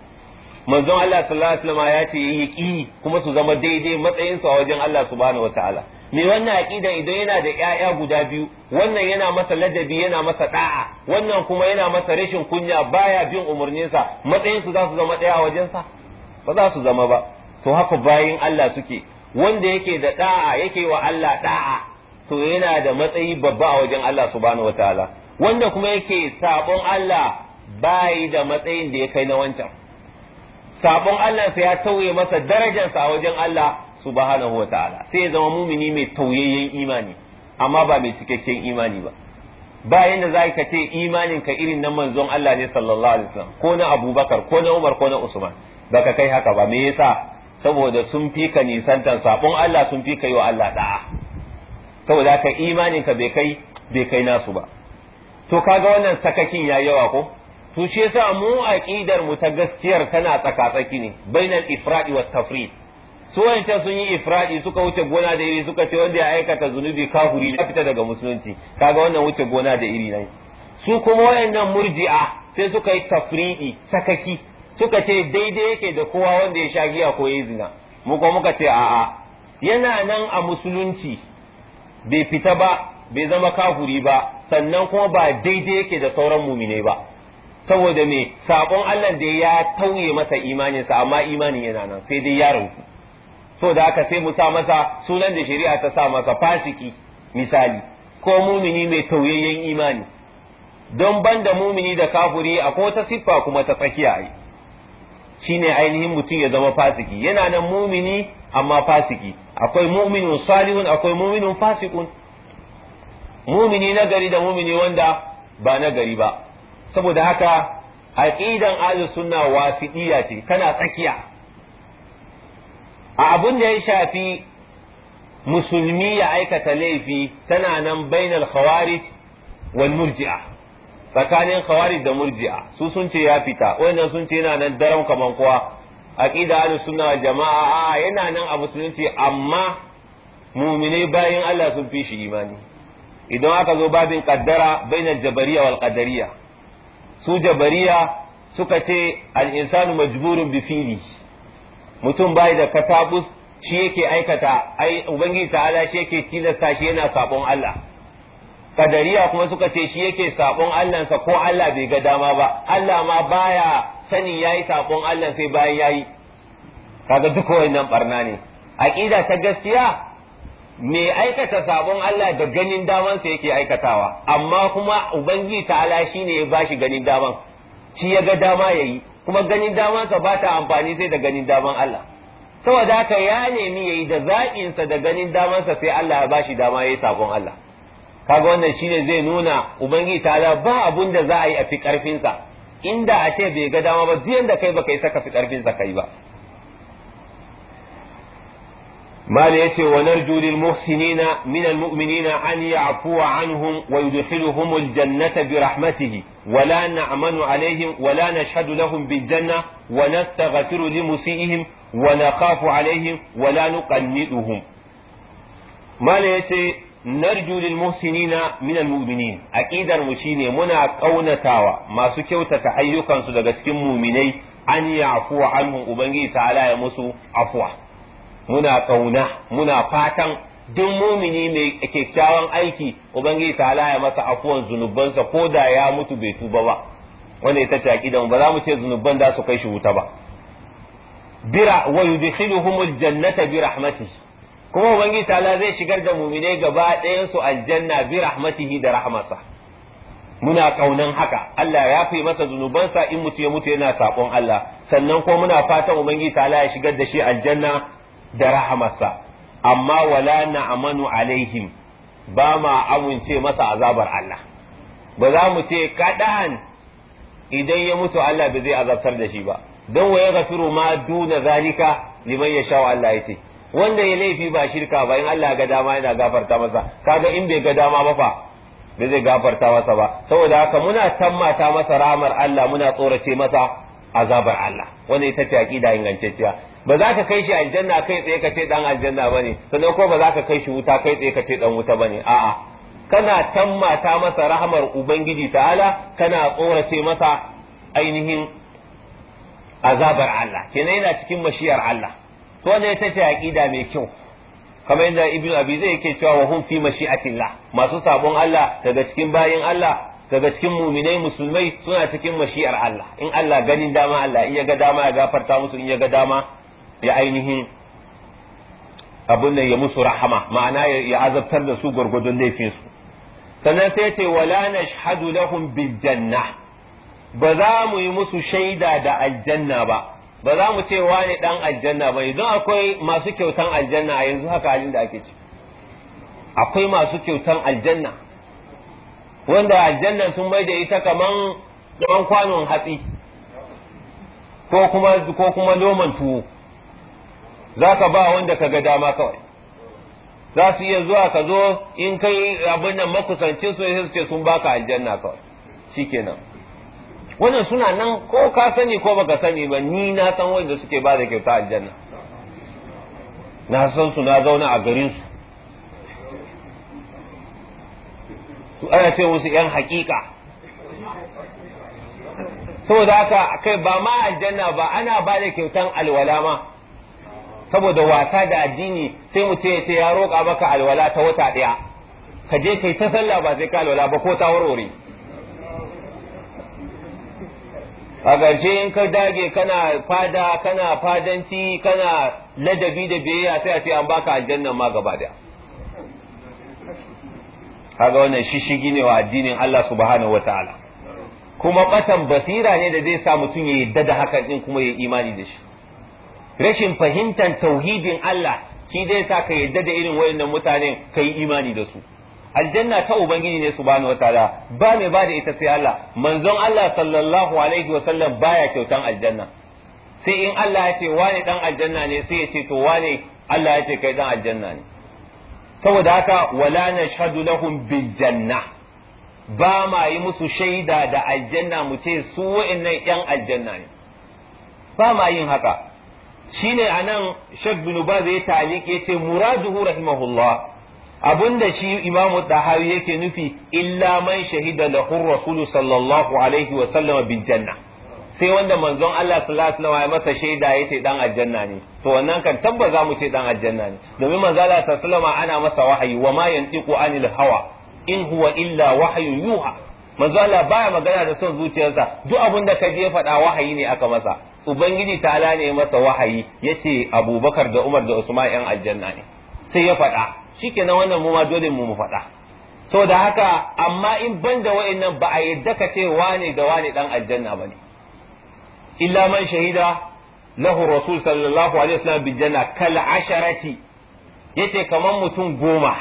manzon Allah sallallahu alaihi wasallam ya ce yi ki kuma su zama daidai matsayin su a wajen Allah subhanahu wataala me wannan aqida idan yana da ƴaƴa guda biyu wannan yana masa ladabi yana masa da'a wannan kuma yana masa rashin kunya baya bin umarninsa matsayin su za su zama ɗaya a wajen sa ba za su zama ba to haka bayin Allah suke wanda yake da da'a yake wa Allah da'a to yana da matsayi babba a wajen Allah subhanahu wataala wanda kuma yake sabon Allah bayi da matsayin da ya kai na wancan sabon Allah sa ya tauye masa darajarsa a wajen Allah subhanahu wataala sai ya zama mumini mai tauyayyen imani amma ba mai cikakken imani ba Bayan da zaka ce imanin ka irin na manzon Allah ne sallallahu alaihi wasallam ko na Abubakar ko na Umar ko na Usman baka kai haka ba me yasa saboda sun fi ka nisantar sabon Allah sun fi ka yi wa Allah da'a saboda ka imanin ka bai kai bai kai nasu ba to kaga wannan sakakin ya yawa ko to shi yasa mu aqidar mu ta gaskiyar tana tsakatsaki ne bainal ifradi wat tafrid su wancan sun yi ifradi suka wuce gona da iri suka ce wanda ya aikata zunubi kafuri ya fita daga musulunci kaga wannan wuce gona da iri ne su kuma wayannan murji'a sai suka yi tafridi sakaki suka ce daidai yake da kowa wanda ya sha giya ko ya zina mu kuma muka ce a'a yana nan a musulunci bai fita ba bai zama kafuri ba sannan kuma ba daidai yake da sauran muminai ba saboda me sabon Allah da ya tauye masa imaninsa amma imanin yana nan sai dai ya rauku so da haka sai mu sa masa sunan da shari'a ta sa masa fasiki misali ko mumini mai tauyayyen imani don banda mumini da kafuri akwai wata siffa kuma ta tsakiya ai shine ainihin mutum ya zama fasiki yana nan mumini amma fasiki akwai muminun salihun akwai muminun fasikun mumini nagari da mumini wanda ba na gari ba saboda haka aqidan ahlus sunna wasidiya ce tana tsakiya a abin da ya shafi musulmi ya aikata laifi tana nan bainal khawarij wal murji'a tsakanin khawarij da murji'a su sun ce ya fita wannan sun ce yana nan daren kaman kuwa. aqida ahlus sunna jama'a a yana nan a musulunci amma mu'minai bayan Allah sun fi shi imani idan aka zo babin qaddara bainal jabariya wal qadariyya su jabariya suka ce al'insanu majburun bi fili mutum bai da katabus shi yake aikata ai ubangiji ta'ala shi yake tilasta shi yana sabon Allah kadariya kuma suka ce shi yake sabon Allahnsa ko Allah bai ga dama ba Allah ma baya sani yayi sabon Allah sai bayan yayi kaga duk wannan barna ne aqida ta gaskiya me aikata sabon Allah da ganin damansa yake aikatawa amma kuma ubangiji shi ne ya bashi ganin daman shi ya ga dama yayi kuma ganin damansa ba ta amfani sai da ganin daman Allah saboda haka ya nemi yayi da zaƙinsa da ganin damansa sai Allah ya bashi dama yayi sabon Allah kaga wannan shine zai nuna ubangiji ta'ala ba abun da za a yi a fi karfinsa inda a ce bai ga dama ba duk da kai baka yi saka fi karfinsa kai ba ما ليتي ونرجو للمحسنين من المؤمنين أن يعفو عنهم ويدخلهم الجنة برحمته ولا نعمل عليهم ولا نشهد لهم بالجنة ونستغفر لمسيئهم ونخاف عليهم ولا نقلدهم ما ليتي نرجو للمحسنين من المؤمنين أكيد المشيني منا قونتاوى ما سكوتة أيوكا سدقسكم مؤمني أن يعفو عنهم أبنجي تعالى يمسوا عفوه muna kauna muna fatan duk mumini mai kyakkyawan aiki ubangiji ta ya masa afuwan zunubansa ko da ya mutu bai tuba ba wanda ita ce aqidan ba za mu ce zunuban da su kai shi wuta ba bira wa yudkhiluhum jannata bi rahmatihi kuma ubangiji ta'ala zai shigar da mumine gaba ɗayan su aljanna bi rahmatihi da rahmasa muna kaunan haka Allah ya fi masa zunubansa in mutu ya mutu yana sakon Allah sannan ko muna fatan ubangiji ta ya shigar da shi aljanna da rahamarsa amma wala na amanu alaihim ba ma amince masa azabar Allah ba za mu ce kaɗan idan ya mutu Allah ba zai azabtar da shi ba don wa ya gafiru ma duna zalika liman ya sha Allah ya ce wanda ya laifi ba shirka ba in Allah ga dama yana gafarta masa kaga in bai ga dama ba fa ba zai gafarta masa ba saboda haka muna tammata masa ramar Allah muna tsorace masa azabar Allah wanda ita ce aqida ingantacciya ba za ka kai shi aljanna kai tsaye ka ce dan aljanna bane sannan ko ba za ka kai shi wuta kai tsaye ka ce dan wuta bane a'a kana tammata masa rahmar ubangiji ta'ala kana tsorace masa ainihin azabar Allah kenan yana cikin mashiyar Allah to wannan ita ce aqida mai kyau kamar yadda ibnu abi zai yake cewa wa hum fi mashi'atillah masu sabon Allah daga cikin bayin Allah daga cikin muminai musulmai suna cikin mashi'ar Allah in Allah ganin dama Allah in ya ga dama ya gafarta musu in ya ga dama ya ainihin abun nan ya musu rahama ma'ana ya azabtar da su gwargwadon laifin su sannan sai ce wala nashhadu lahum bil janna ba za mu yi musu shaida da aljanna ba ba za mu ce wani dan aljanna ba idan akwai masu kyautan aljanna a yanzu haka halin da ake ci, akwai masu kyautan aljanna wanda aljannan sun mai da ita kaman kaman kwanon hatsi ko kuma ko kuma noman tuwo za ka ba wanda ka ga dama kawai za su iya zuwa ka zo in kai abin nan makusancin su sai su ce sun baka aljanna kawai shikenan wannan suna nan ko ka sani ko baka sani ba ni na san wanda suke ba da kyauta aljanna na san su na zauna a garin su to ana ce musu yan hakika saboda haka kai ba ma aljanna ba ana ba da kyautan alwala ma saboda wasa da addini sai mutum ya ce ya roƙa maka alwala ta wata ɗaya ka je kai ta sallah ba sai ka alwala ba ko ta warware a ƙarshe in ka dage kana fada kana fadanci kana ladabi da biyayya sai a ce an baka aljannan ma gaba daya kaga wannan shishigi ne wa addinin Allah subhanahu Ta'ala, kuma batan basira ne da zai sa mutum ya yadda da hakan din kuma ya imani da shi rashin fahimtar tauhidin Allah shi zai sa ka yadda da irin wayannan mutanen ka imani da su aljanna ta ubangiji ne subhanahu ta'ala ba mai ba da ita sai Allah manzon Allah sallallahu alaihi wa sallam baya kyautan aljanna sai in Allah ya ce wani dan aljanna ne sai ya ce to wani Allah ya ce kai dan aljanna ne saboda haka wala nashhadu lahum bil janna ba ma yi musu shaida da aljanna mu ce su wa'annan yan aljanna ne ba ma yin haka shine anan Sheikh bin Baz ya taliki yace muraduhu rahimahullah abinda shi Imam Dahawi yake nufi illa man shahida lahu Rasul sallallahu alaihi wa sallama bil janna sai wanda manzon Allah sallallahu alaihi wasallam ya masa shaida yace dan aljanna ne to wannan kan tabba za mu ce dan aljanna ne domin manzon Allah sallallahu alaihi ana masa wahayi wa ma yantiqu anil hawa in huwa illa wahyu yuha manzon Allah baya magana da son zuciyarsa duk abin da ka je faɗa wahayi ne aka masa ubangiji ta'ala ne masa wahayi yace Abubakar da Umar da Usman yan aljanna ne sai ya faɗa shikenan wannan mu ma dole mu mu faɗa to da haka amma in banda da wa'annan ba a yadda ka ce wane da wane dan aljanna ba ne illa man shahida lahu sallallahu alaihi wasallam bil janna kal asharati yace kaman mutum goma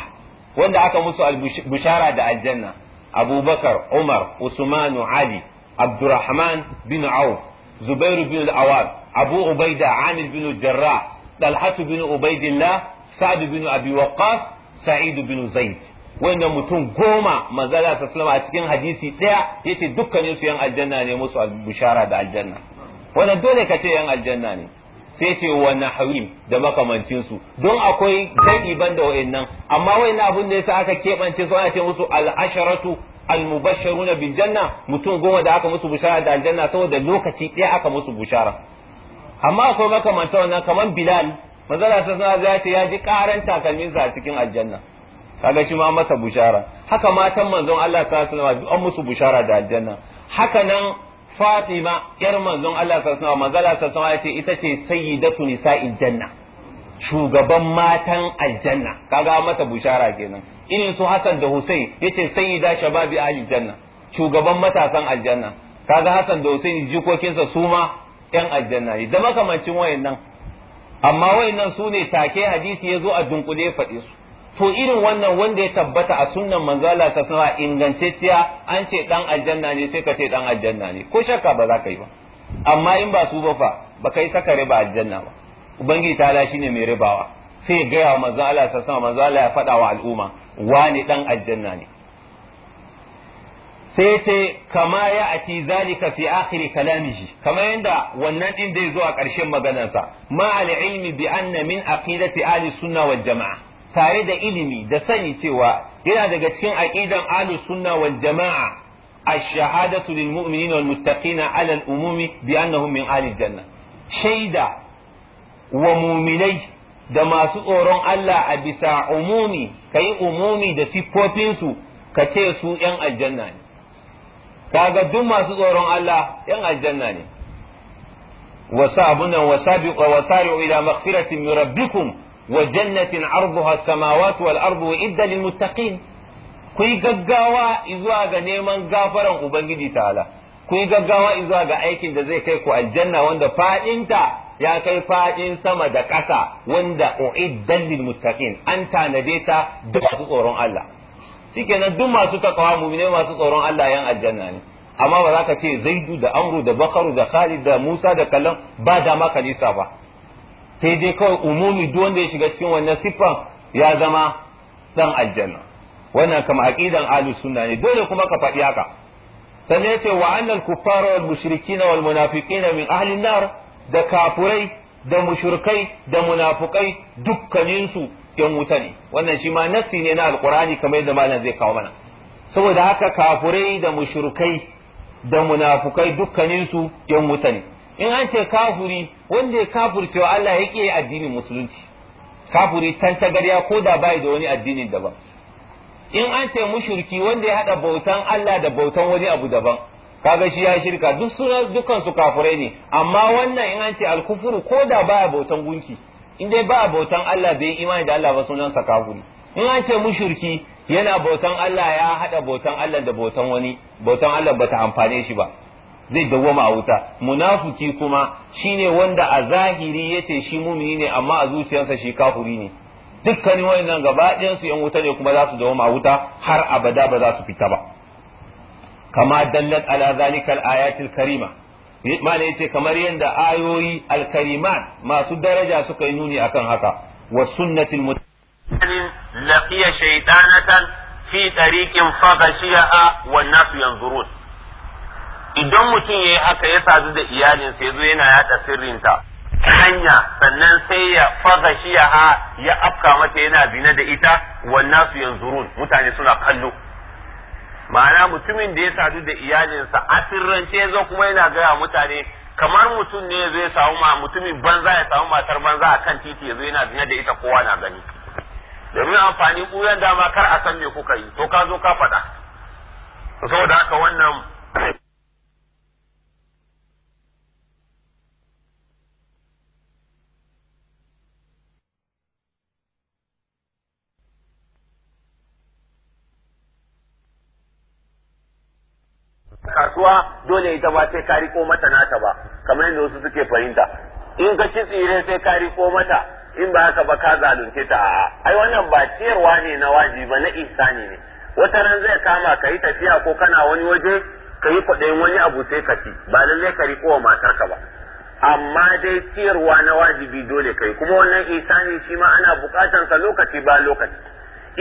wanda aka musu bushara da aljanna abubakar umar usman ali abdurrahman bin auf zubairu bin al-awad abu ubaida amir bin jarrah talhatu bin ubaidillah sa'd bin abi waqqas sa'id bin zaid wannan mutum goma manzala sallallahu alaihi a cikin hadisi ɗaya yace dukkanin yan aljanna ne musu bushara da aljanna wanda dole ka ce yan aljanna ne sai ce wa nahwim da makamancin su don akwai dadi banda wayannan amma wayannan abun da yasa aka keɓance su ana ce musu al asharatu al mubashsharuna bil janna mutum goma da aka musu bushara da aljanna saboda lokaci ɗaya aka musu bushara amma akwai makamanta wannan kamar bilal manzala ta sana za ta ya ji karan takalminsa a cikin aljanna kaga shi ma masa bushara haka matan manzon Allah sallallahu alaihi an musu bushara da aljanna haka nan Fatima yar manzon Allah sallallahu alaihi wasallam ya ce ita ce sayyidatu nisa'il janna shugaban matan aljanna kaga mata bushara kenan irin su Hassan da Hussein yace sayyida shababi ahli janna shugaban matasan aljanna kaga Hassan da Hussein jikokinsa su ma yan aljanna ne da makamancin wayannan amma wayannan su ne take hadisi yazo a dunkule faɗe su to irin wannan wanda ya tabbata a sunnan manzala ta sama ingantacciya an ce dan aljanna ne sai ka ce dan aljanna ne ko shakka ba za ka yi ba amma in ba su ba fa ba kai saka riba aljanna ba ubangi ta la ne mai ribawa sai gaya wa manzala ta manzo manzala ya fada wa al'umma wani dan aljanna ne sai ce kama ya ati zalika fi akhir kalamihi kama yanda wannan din zai zo a ƙarshen maganarsa ma al ilmi bi anna min aqidati ahli sunna wal jamaa tare da ilimi da sani cewa yana daga cikin aqidan ahlus sunna wal jamaa ash-shahadatu lil muminin wal muttaqina ala al umumi bi annahum min ahli janna shaida wa mu'minai da masu tsoron Allah a bisa umumi kai umumi da siffofinsu ka ce su yan aljanna ne kaga duk masu tsoron Allah yan aljanna ne وصابنا وسابق وسارعوا إلى مغفرة من وجنة عرضها السماوات والأرض وإدى للمتقين كي قاقاوا إزواغا نيمان غافرا وبنجي تعالى كي قاقاوا إزواغا أيكين دا زي كيكو الجنة واند فائنتا يا كي فائن سما دا كسا واندا أعدى للمتقين أنت نديتا دباسو صورون الله سيكي سيكينا ما ستقوا مؤمنين ما صورون الله يان الجنة أما وراك تي زيد دا أمرو دا بقر دا خالد دا موسى دا كلام بعد ما كان يسافا sai dai kawai umumi duk wanda ya shiga cikin wannan siffan ya zama dan aljanna wannan kama aqidan ahli sunna ne dole kuma ka faɗi haka sannan yace wa annal kuffara wal mushrikina wal munafiqina min ahli nar da kafurai da mushrikai da munafukai dukkaninsu yan wuta ne wannan shi ma nassi ne na alqur'ani kamar yadda malam zai kawo mana saboda haka kafurai da mushrikai da munafukai dukkaninsu yan wuta ne in an ce kafuri wanda ya kafurce wa Allah ya ƙi addinin musulunci kafuri tantagarya ko da bai da wani addini daban in an ce mushurki wanda ya haɗa bautan Allah da bautan wani abu daban kaga shi ya shirka duk suna dukkan su kafurai ne amma wannan in an ce alkufuru ko da baya bautan gunki in dai ba bautan Allah bai imani da Allah ba sunan sa kafuri in an ce mushirki yana bautan Allah ya haɗa bautan Allah da bautan wani bautan Allah bata amfane shi ba zai dawwama a wuta munafiki kuma shine wanda a zahiri yace shi mumini ne amma a zuciyarsa shi kafuri ne dukkanin wayannan gaba ɗayan su yan wuta ne kuma za su dawwama a wuta har abada ba za su fita ba kama dallat ala zalika al karima mana yace kamar yadda ayoyi alkarimat masu daraja suka yi nuni akan haka wa sunnatil mutanin laqiya shaytanatan fi tariqin faghashiya wa nasu yanzurun idan mutum ya yi haka ya sadu da iyalinsa ya zo yana yaɗa ta hanya sannan sai ya faga shi ya ha ya afka mata yana zina da ita wannan su run mutane suna kallo ma'ana mutumin da ya sadu da iyalinsa a sirrance ya zo kuma yana gaya mutane kamar mutum ne ya zo ya samu ma mutumin banza ya samu matar banza a kan titi ya zo yana zina da ita kowa na gani domin amfani ɓuyan dama kar a san me kuka yi to ka zo ka faɗa saboda haka wannan kasuwa dole ita ba sai kari ko mata nata ba kamar yadda wasu suke fahimta in ka ci tsire sai kari ko mata in ba haka ba ka zalunce ta a'a ai wannan ba ciyarwa ne na wajibi ba na ihsani ne wata ran zai kama ka yi tafiya ko kana wani waje ka yi kwaɗayin wani abu sai ka ci ba lallai ka riko wa matarka ba amma dai ciyarwa na wajibi dole kai kuma wannan isani shi ma ana bukatansa lokaci ba lokaci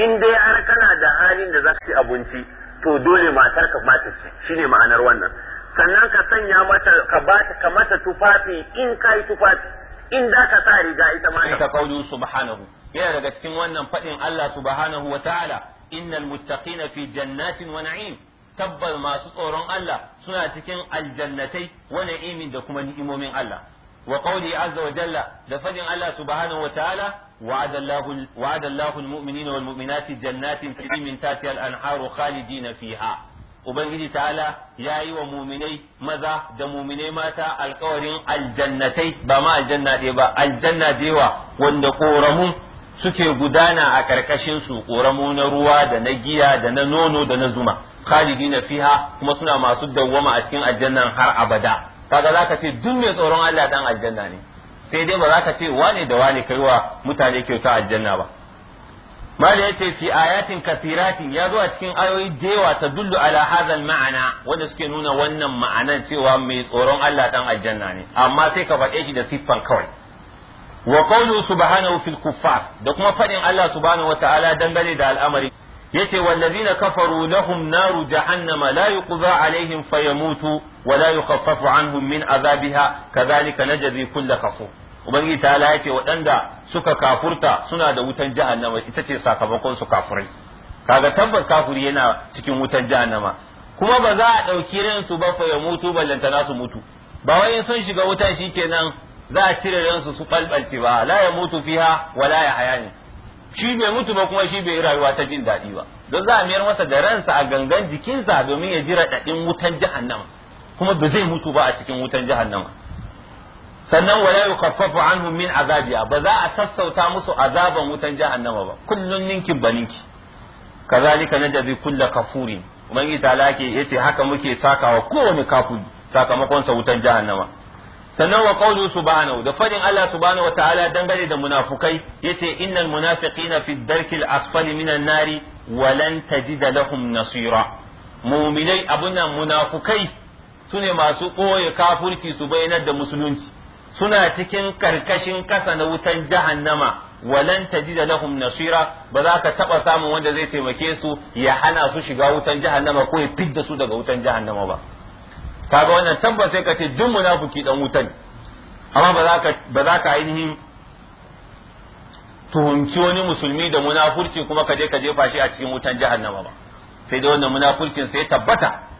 in dai har kana da halin da za ci abinci to dole matar ka mata ce shine ma'anar wannan sannan ka sanya mata ka ka mata tufafi in kai tufafi in za ka sa riga ita ma ta kaulu subhanahu yana daga cikin wannan fadin Allah subhanahu wa ta'ala innal muttaqina fi jannatin wa na'im tabbal masu tsoron Allah suna cikin aljannatai wa na'imin da kuma ni'imomin Allah wa qawli azza wa jalla da fadin Allah subhanahu wa ta'ala وعد الله وعد الله المؤمنين والمؤمنات جنات تجري من تحتها الانهار خالدين فيها ubangiji ta'ala ya yi wa muminai maza da muminai mata alkawarin aljannatai ba ma aljanna ɗaya ba aljanna dewa wanda ƙoramu suke gudana a ƙarƙashin su ƙoramu na ruwa da na giya da na nono da na zuma na fiha kuma suna masu dawwama a cikin aljannan har abada kaga zaka ce duk mai tsoron Allah dan aljanna ne sai dai ba za ka ce wane da wane kai wa mutane kyauta aljanna ba ya ce fi ayatin kasiratin ya zo a cikin ayoyi da yawa ta dullu ala hadha ma'ana wanda suke nuna wannan ma'anan cewa mai tsoron Allah dan aljanna ne amma sai ka faɗe shi da siffan kawai wa qawlu subhanahu fil kuffar da kuma faɗin Allah subhanahu wata'ala dangane da al'amari yace wallazina kafaru lahum naru jahannama la yuqza alaihim fayamutu wa la yukhaffafu anhum min azabiha kadhalika najzi kull kafur ubangiji ta ya ce waɗanda suka kafurta suna da wutan jahannama ita ce sakamakon su kafurai kaga tabbas kafuri yana cikin wutan jahannama kuma ba za a ɗauki ransu ba fa ya mutu su mutu ba wai sun shiga wuta shikenan za a cire ransu su balbalci ba la ya mutu fiha wala ya haya ne shi bai mutu ba kuma shi bai rayuwa ta jin daɗi ba don za a mayar masa da ransa a gangan jikinsa domin ya ji raɗaɗin wutan jahannama kuma ba zai mutu ba a cikin wutan jahannama sannan wala yukaffafu anhum min azabiya ba za a sassauta musu azaban wutan jahannama ba kullun ninkin baninki kazalika najzi kullu kafurin yi talaki yace haka muke sakawa kowane kafuri sakamakon sa wutan jahannama sannan wa qawlu subhanahu da fadin Allah subhanahu wataala dangane da munafukai yace innal munafiqina fi darkil asfali minan nari wa lan tajida lahum nasira mu'minai abunan munafukai sune masu koye kafurci su bayyana da musulunci suna cikin karkashin kasa na wutan jahannama walan tajida lahum nasira ba za ka taba samun wanda zai taimake su ya hana su shiga wutan jahannama ko ya fidda su daga wutan jahannama ba kaga wannan tabbas sai ka ce duk munafiki dan wutan amma ba za ka ba za ka ainihin wani musulmi da munafurci kuma ka je ka jefa shi a cikin wutan jahannama ba sai da wannan munafurcin sai tabbata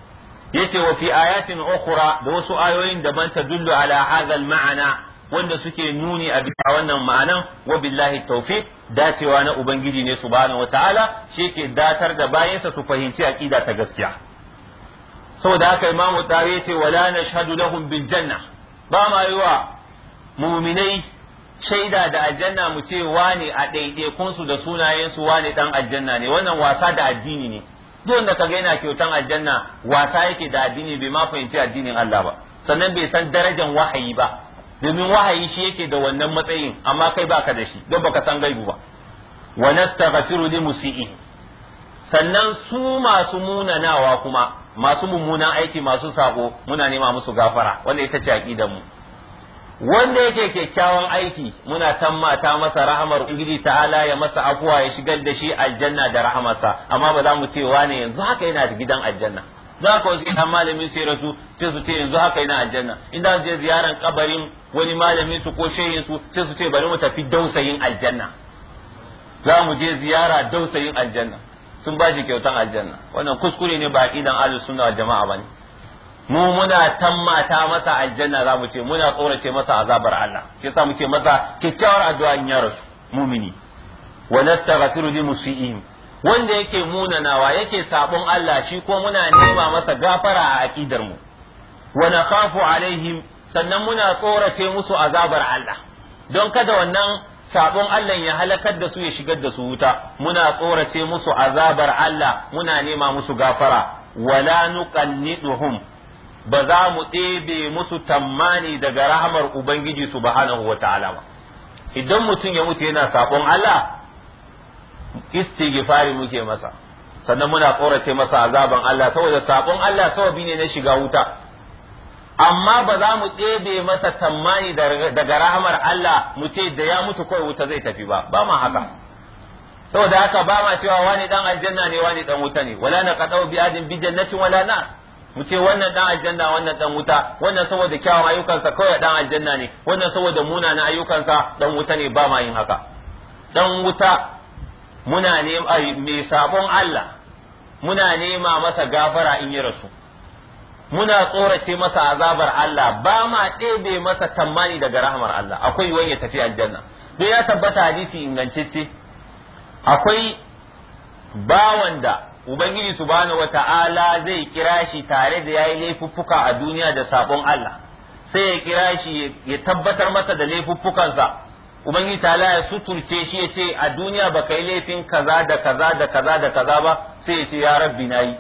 yace wa fi ayatin ukhra da wasu ayoyin daban ta dullu ala hadha ma'ana wanda suke nuni a bisa wannan ma'anan wa billahi tawfiq dacewa na ubangiji ne subhanahu wataala shi yake datar da bayansa su fahimci aqida ta gaskiya saboda haka imamu tare yace wala nashhadu lahum bil janna ba ma yiwa mu'minai shaida da aljanna mu ce wane a su da sunayen su wane ɗan aljanna ne wannan wasa da addini ne duk wanda kaga yana kyautan aljanna wasa yake da addini bai ma fahimci addinin Allah ba sannan bai san darajar wahayi ba domin wahayi shi yake da wannan matsayin amma kai baka da shi don baka san gaibu ba wa nastaghfiru li musii sannan su masu munanawa kuma masu mummunan aiki masu sako muna nema musu gafara wanda ita ce aqidar mu wanda yake kyakkyawan aiki muna tammata masa rahamar ubangiji ta'ala ya masa afuwa ya shigar da shi aljanna da rahamarsa amma ba za mu ce wane yanzu haka yana da gidan aljanna za ka wasu idan malamin ya rasu sai su ce yanzu haka yana aljanna inda su je ziyaran kabarin wani malamin su ko shehin su sai su ce bari mu tafi dausayin aljanna za mu je ziyara dausayin aljanna sun ba shi kyautan aljanna wannan kuskure ne ba idan ahlus sunna wal jama'a bane mu muna tammata masa aljanna za mu ce muna tsorace masa azabar Allah shi yasa muke masa kyakkyawar addu'a in ya rasu mumini wa nastaghfiru li musii'in wanda yake munanawa yake sabon Allah shi ko muna nema masa gafara a aqidar mu wa nakhafu alaihim sannan muna tsorace musu azabar Allah don kada wannan sabon Allah ya halakar da su ya shigar da su wuta muna tsorace musu azabar Allah muna nema musu gafara wala nuqanniduhum ba za mu ɗebe musu tammani daga rahamar ubangiji su subhanahu wata ba idan mutum ya mutu yana saƙon Allah istighfari muke masa sannan muna ƙorace masa azaban Allah saboda saƙon Allah sababi ne na shiga wuta amma ba za mu ɗebe masa tammani daga rahamar Allah mu ce da ya mutu kawai wuta zai tafi ba ba ma haka saboda haka ba ma cewa wani dan aljanna ne wani dan wuta ne wala na qadau bi adin bi jannatin wala na mu ce wannan dan aljanna wannan dan wuta wannan saboda kyawun ayyukansa kawai dan aljanna ne wannan saboda munana ayyukansa dan wuta ne ba ma yin haka dan wuta muna ne mai sabon Allah muna nema masa gafara in ya rasu muna tsorace masa azabar Allah ba ma ɗebe masa tammani daga rahmar Allah akwai wani ya tafi aljanna don ya tabbata hadisi ingantacce akwai bawan da ubangiji subhanahu ta'ala zai kira shi tare da yayi laifuffuka a duniya da sabon Allah sai ya kira shi ya tabbatar masa da laifuffukansa ubangiji ta'ala ya suturce shi ya ce a duniya ba yi laifin kaza da kaza da kaza da kaza ba sai ya ce ya rabbi nayi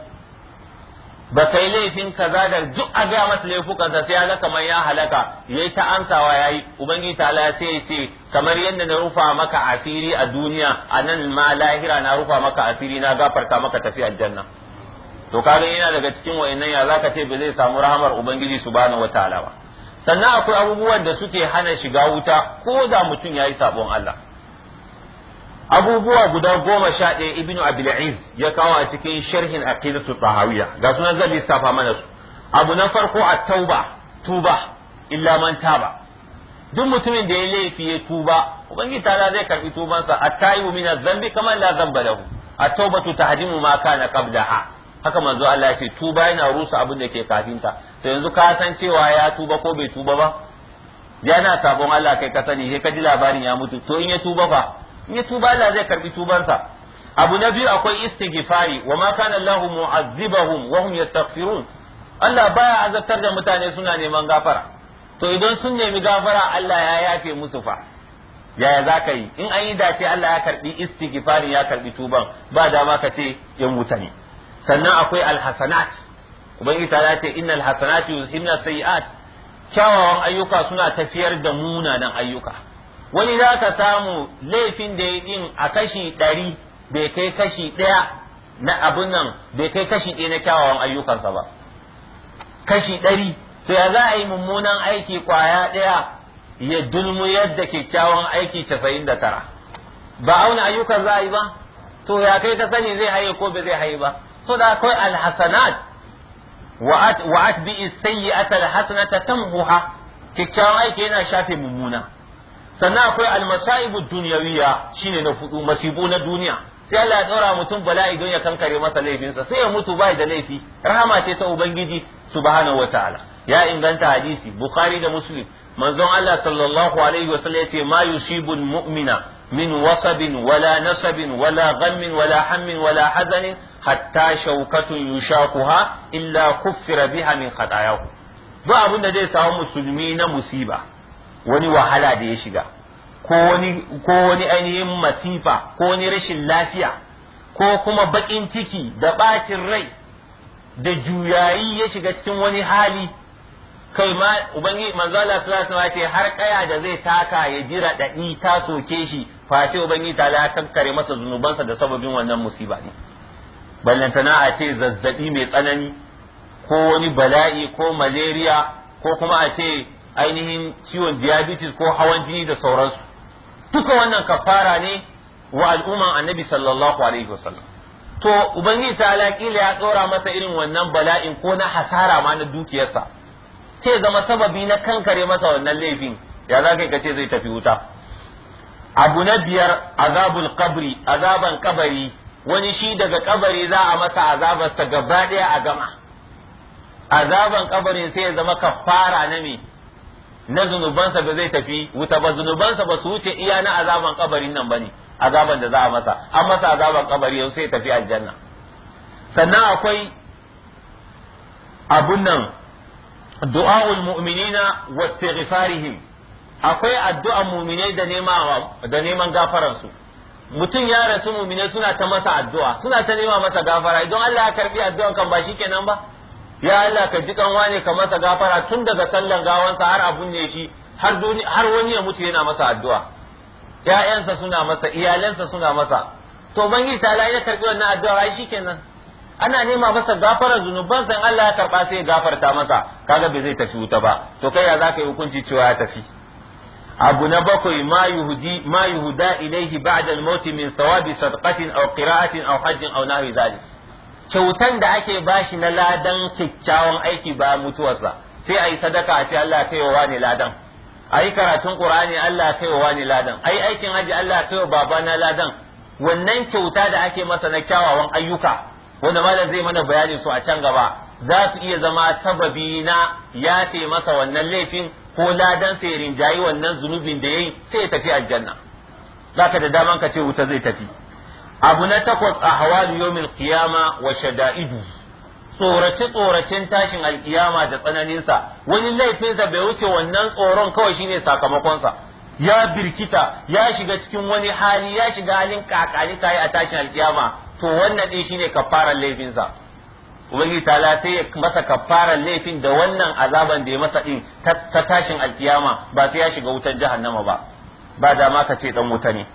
ba kai laifin kaza da duk a ga masa laifukan sa sai halaka kamar ya halaka yayi ta amsawa yayi ubangi ta Allah sai ce kamar yadda na rufa maka asiri a duniya anan ma lahira na rufa maka asiri na gafarta maka tafi aljanna to kaga yana daga cikin wayannan ya zaka ce ba zai samu rahamar ubangiji subhanahu wataala ba sannan akwai abubuwan da suke hana shiga wuta ko da mutum yayi sabon Allah abubuwa guda goma sha ɗaya ibnu abil'iz ya kawo a cikin sharhin aqidatu tahawiyya ga sunan zan lissafa mana su abu na farko at tauba tuba illa man taba duk mutumin da ya laifi ya tuba ubangiji ta zai karbi sa at-taibu min adh-dhanbi kama la dhanba lahu at-taubatu tahdimu ma kana qablaha haka manzo Allah ya ce tuba yana rusa abin da ke kafinta to yanzu ka san cewa ya tuba ko bai tuba ba yana sabon Allah kai ka sani sai ka ji labarin ya mutu to in ya tuba fa in ya tuba Allah zai karbi tubansa abu na biyu akwai istighfari wa ma kana Allah mu'azzibahum wa hum yastaghfirun Allah baya azabtar da mutane suna neman gafara to idan sun nemi gafara Allah ya yafe musu fa yaya za ka yi in an yi dace Allah ya karbi istighfarin ya karbi tuban ba dama ka ce yan wuta ne sannan akwai alhasanat ubangiji ta ce innal hasanati yuzhibna sayiat kyawawan ayyuka suna tafiyar da munanan ayyuka wani za ka samu laifin da ya yin a kashi ɗari bai kai kashi ɗaya na abun nan bai kai kashi ɗaya na kyawawan ayyukansa ba kashi ɗari to ya za a yi mummunan aiki kwaya ɗaya ya dulmu yadda kyakkyawan aiki casa'in da tara ba auna ayyukan za a yi ba to ya kai ta sani zai haye ko ba zai haye ba so da akwai alhasanat wa'at bi sayyi'ata alhasanata tamhuha kyakkyawan aiki yana shafe mummuna sannan akwai almasaibu duniyawiya shine na fudu masibu na duniya sai Allah ya tsora mutum bala'i don ya kankare masa laifinsa sai ya mutu bai da laifi rahama ce ta ubangiji subhanahu wataala ya inganta hadisi bukhari da muslim manzon Allah sallallahu alaihi wa sallam yace ma yusibul mu'mina min wasabin wala nasabin wala ghammin wala hammin wala hazanin hatta shaukatun yushaquha illa kuffira biha min khatayahu ba abin da zai samu musulmi na musiba wani wahala da ya shiga ko wani wani ainihin masifa ko wani rashin lafiya ko kuma bakin ciki da ɓacin rai da juyayi ya shiga cikin wani hali kai ma ubangi manzo Allah sallallahu alaihi wasallam har kaya da zai taka ya ji dadi ta soke shi face ubangi ta la tankare masa zunubansa da sababin wannan musiba ne ballantana a ce zazzabi mai tsanani ko wani bala'i ko malaria ko kuma a ce ainihin ciwon diabetes ko hawan jini da sauransu duka wannan kafara ne wa al'umma annabi sallallahu alaihi wasallam to ubangiji ta alaƙila ya tsora masa irin wannan bala'in ko na hasara ma na dukiyarsa sai zama sababi na kankare masa wannan laifin ya za kai kace zai tafi wuta abu na biyar azabul qabri azaban kabari wani shi daga kabari za a masa azabarsa gaba daya a gama azaban kabarin sai ya zama kafara na me na zunubansa ba zai tafi wuta ba zunubansa ba su wuce iya na azaban kabarin nan bane azaban da za a masa an masa azaban kabari yau sai tafi aljanna sannan akwai abun nan du'a'ul mu'minina wa istighfarihim akwai addu'a mu'minai da da neman gafaransu mutum ya rasu mu'minai suna ta masa addu'a suna ta nema masa gafara idan Allah ya karbi addu'an kan ba shikenan ba ya Allah ka ji kanwa ne ka masa gafara tun daga sallan gawansa har abun ne shi har har wani ya mutu yana masa addu'a ƴaƴansa suna masa iyalansa suna masa to bangi ta ya karbi wannan addu'a ai kenan. ana nema masa gafarar zunuban san Allah ya karba sai ya gafarta masa kaga bai zai tafi wuta ba to kai ya zaka yi hukunci cewa ya tafi abu na bakwai ma yuhudi ma yuhuda ilaihi ba'da al-maut min thawabi sadaqatin aw qira'atin aw hajjin aw nahwi zalik kyautan da ake bashi na ladan kyakkyawan aiki ba mutuwarsa sai ayi sadaka a ce Allah wa ne ladan a karatun qur'ani Allah wa ne ladan a aikin haji Allah wa baba na ladan wannan kyauta da ake masa na kyawawan ayyuka wanda malam zai mana bayani su a can gaba za su iya zama sababi na yafe masa wannan laifin ko ladan sai rinjayi wannan zunubin da yayi sai ya tafi aljanna zaka da daman ka ce wuta zai tafi abu na takwas a hawali kiyama qiyama wa shada'idu tsorace tsoracen tashin alkiyama da tsananinsa wani laifinsa bai wuce wannan tsoron kawai shine sakamakonsa ya birkita ya shiga cikin wani hali ya shiga halin kakani yi a tashin alkiyama to wannan din shine kafaran laifinsa Wani tala sai ya masa kafaran laifin da wannan azaban da ya masa ɗin ta tashin alkiyama ba sai ya shiga wutar jahannama ba ba da ma ka ce ɗan wuta ne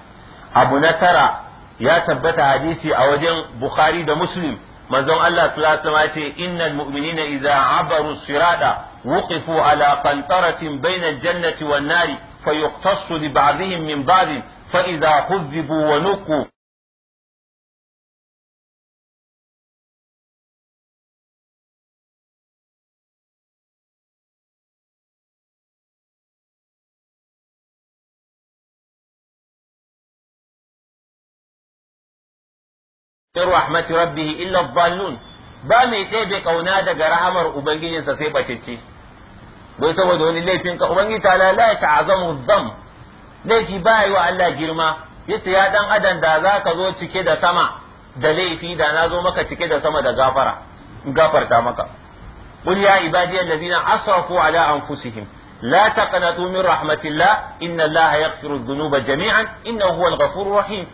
abu na tara ya tabbata hadisi a wajen bukhari da muslim manzon Allah sallallahu alaihi wasallam ce innal mu'minina idza abaru sirada wuqifu ala qantaratin bayna jannati wan nari fayuqtasu li ba'dihim min ba'd fa idza khudhibu wa nuku. yar rahmati rabbi illa dhallun ba mai ɗebe kauna daga rahamar ubangijinsa sai batacce bai saboda wani laifin ka ubangiji ta la ta'azamu dham laifi ba yi wa Allah girma yace ya dan adam da za ka zo cike da sama da laifi da na zo maka cike da sama da gafara gafarta maka قل يا عبادي الذين أسرفوا على أنفسهم لا تقنطوا من رحمة الله إن الله يغفر الذنوب جميعا إنه هو الغفور الرحيم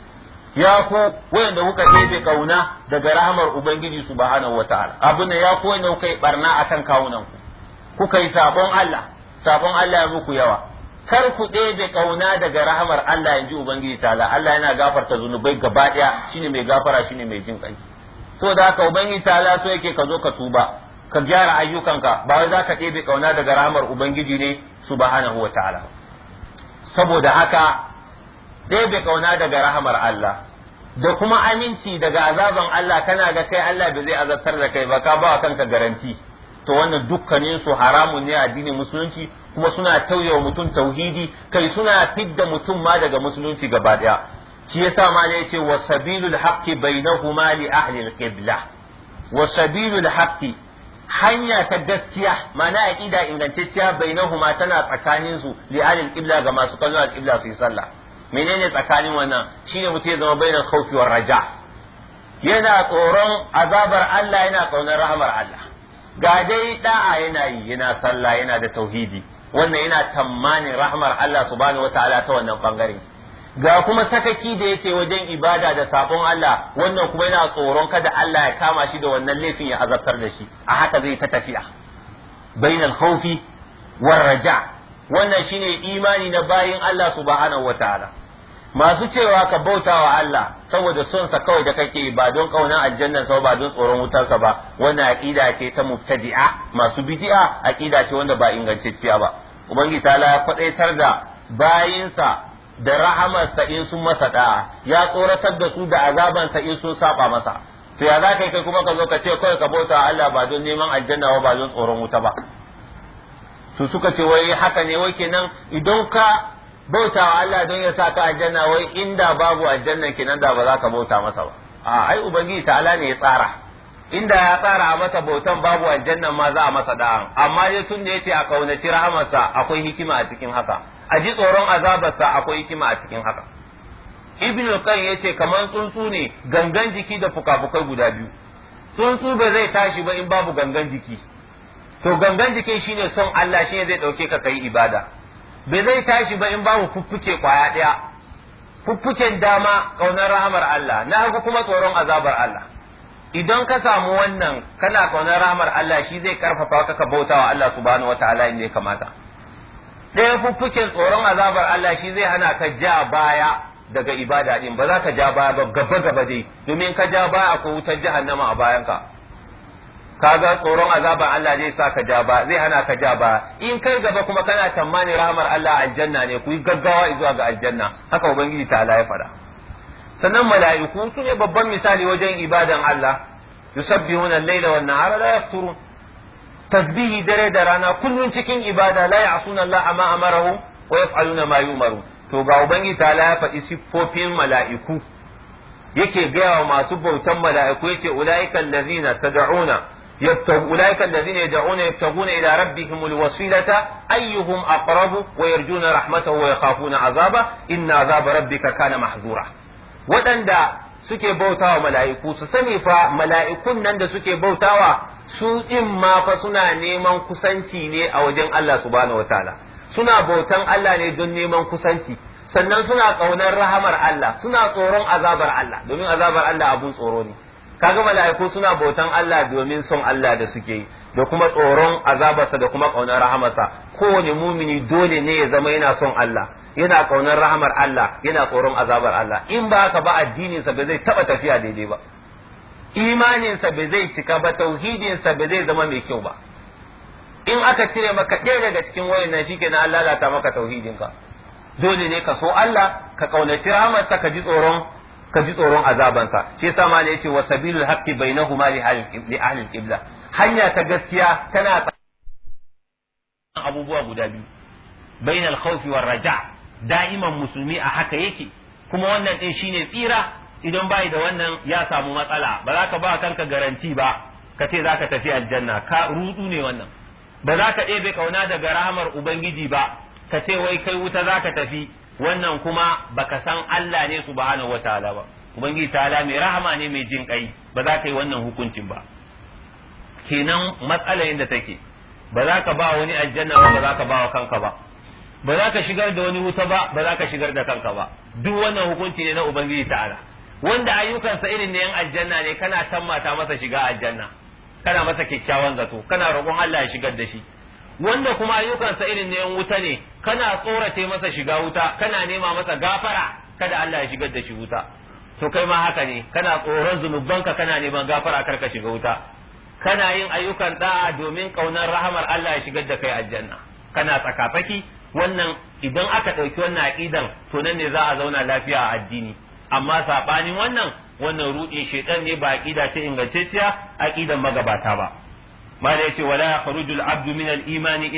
ya ko wanda kuka tsaye kauna daga rahamar ubangiji subhanahu wataala abin ya ko wanda kuka yi barna akan kawunan ku kuka yi sabon Allah sabon Allah ya muku yawa kar ku ɗebe kauna daga rahamar Allah yanzu ubangiji ta'ala Allah yana gafarta zunubai gaba ɗaya shine mai gafara shine mai jin kai so da haka ubangiji ta'ala so yake ka zo ka tuba ka gyara ayyukanka ba wai za ka ɗebe kauna daga rahamar ubangiji ne subhanahu wataala saboda haka bai ƙauna daga rahamar Allah da kuma aminci daga azaban Allah kana ga kai Allah bai zai azabtar da kai ba ka ba kanka garanti to wannan dukkanin su haramun ne a addinin musulunci kuma suna tauye wa mutum tauhidi kai suna fidda mutum ma daga musulunci gaba daya shi yasa ma ne yace wa sabilul haqqi bainahuma li ahli al-qibla wa sabilul haqqi hanya ta gaskiya ma'ana aqida ingantacciya bainahuma tana tsakanin su li ahli ƙibla ga masu kallon al-qibla su yi sallah menene tsakanin wannan shine mutum ya zama bainar khawfi war raja yana tsoron azabar Allah yana kaunar rahmar Allah ga dai da'a yana yi yana sallah yana da tauhidi wannan yana tammanin rahmar Allah subhanahu wataala ta wannan bangare ga kuma sakaki da yake wajen ibada da sabon Allah wannan kuma yana tsoron kada Allah ya kama shi da wannan laifin ya azabtar da shi a haka zai ta tafiya bainal khawfi war raja wannan shine imani na bayin Allah subhanahu ta'ala masu cewa ka bauta wa Allah saboda son sa kawai da kake ba don kauna aljanna sa ba don tsoron wutarsa ba wannan aqida ce ta mubtadi'a masu bid'a aqida ce wanda ba ingantacciya ba ubangiji ta ya kwadaitar da sa da sa in sun masa da ya tsoratar da su da sa in sun saba masa to ya za kai kuma ka zo ka ce kawai ka bauta wa Allah ba don neman aljanna ba don tsoron wuta ba Su suka ce wai haka ne wai kenan idan ka bauta wa Allah don ya saka aljanna wai inda babu aljanna kenan da ba za ka bauta masa ba a ai ubangiji ta'ala ne ya tsara inda ya tsara a masa bautan babu aljanna ma za a masa da'an amma dai tun da yace a kaunaci rahamarsa akwai hikima a cikin haka a ji tsoron azabarsa akwai hikima a cikin haka ibn al yace kamar tsuntsu ne gangan jiki da fukafukai guda biyu tsuntsu ba zai tashi ba in babu gangan jiki to gangan jikin shine son Allah shine zai dauke ka kai ibada bai zai tashi ba in babu fuffuke kwaya daya fuffuken dama kaunar rahmar Allah na hagu kuma tsoron azabar Allah idan ka samu wannan kana kaunar rahamar Allah shi zai karfafa ka ka bautawa Allah subhanahu wataala inda ya kamata ɗaya fuffuken tsoron azabar Allah shi zai hana ka ja baya daga ibada din ba za ka ja baya ba gaba gaba dai domin ka ja baya ko wutar jahannama a bayan ka. Ka ga tsoron azaban Allah zai sa ka ja ba zai hana ka ja ba in kai gaba kuma kana tamani rahmar Allah aljanna ne ku yi gaggawa zuwa ga aljanna haka ubangiji ta Allah ya fada sannan mala'iku su ne babban misali wajen ibadan Allah yusabbihuna al-laila wan nahara la yafturun tasbihi dare da rana kullun cikin ibada la ya'suna Allah amma amarahu wa yaf'aluna ma yu'maru to ga ubangiji ta Allah ya fadi siffofin mala'iku yake gaya wa masu bautan mala'iku yake ulaika allazina tad'una أولئك الذين يدعون يبتغون إلى ربهم الوسيلة أيهم أقرب ويرجون رحمته ويخافون عذابه إن عذاب ربك كان mahzura. waɗanda suke bautawa mala'iku su sani fa mala'ikun nan da suke bautawa su in ma fa suna neman kusanci ne a wajen Allah subhanahu wataala suna bautan Allah ne don neman kusanci sannan suna ƙaunar rahamar Allah suna tsoron azabar Allah domin azabar Allah abun tsoro ne kaga mala'iku suna bautan Allah domin son Allah da suke yi da kuma tsoron azabarsa da kuma ƙaunar rahamarsa kowane mumini dole ne ya zama yana son Allah yana ƙaunar rahamar Allah yana tsoron azabar Allah in ba haka ba addinin sa ba zai taba tafiya daidai ba imaninsa ba zai cika ba tauhidinsa ba zai zama mai kyau ba in aka cire maka ɗaya daga cikin wayannan shikenan Allah lalata maka tauhidinka dole ne ka so Allah ka ƙaunaci rahamarsa ka ji tsoron ka ji tsoron azabansa shi yasa mala yace wa sabilul haqqi bainahuma li ahli al-qibla hanya ta gaskiya tana abubuwa guda biyu bainal khawfi war raja da'iman musulmi a haka yake kuma wannan din shine tsira idan bai da wannan ya samu matsala ba za ka ba kanka garanti ba ka ce za ka tafi aljanna ka rudu ne wannan ba za ka ɗebe kauna daga rahamar ubangiji ba ka ce wai kai wuta za ka tafi wannan kuma baka san Allah ne subhanahu wataala ba ubangiji ta'ala mai rahama ne mai jin kai ba za ka yi wannan hukuncin ba kenan matsalar yadda take ba za ka ba wani aljanna ba ba za ka ba kanka ba ba za ka shigar da wani wuta ba ba za ka shigar da kanka ba duk wannan hukunci ne na ubangiji ta'ala wanda ayyukansa irin ne yan aljanna ne kana tammata masa shiga aljanna kana masa kyakkyawan zato kana roƙon Allah ya shigar da shi wanda kuma ayyukan sa irin ne wuta ne kana tsorace masa shiga wuta kana nema masa gafara kada Allah ya shigar da shi wuta to kai ma haka ne kana tsoron zunubanka kana neman gafara kar ka shiga wuta kana yin ayyukan da'a domin kaunar rahamar Allah ya shigar da kai aljanna kana tsakafaki wannan idan aka ɗauki wannan aqidan to nan ne za a zauna lafiya a addini amma sabanin wannan wannan rudi shedan ne ba aqida ta ingantacciya aqidan magabata ba ما ليس ولا يخرج العبد من الإيمان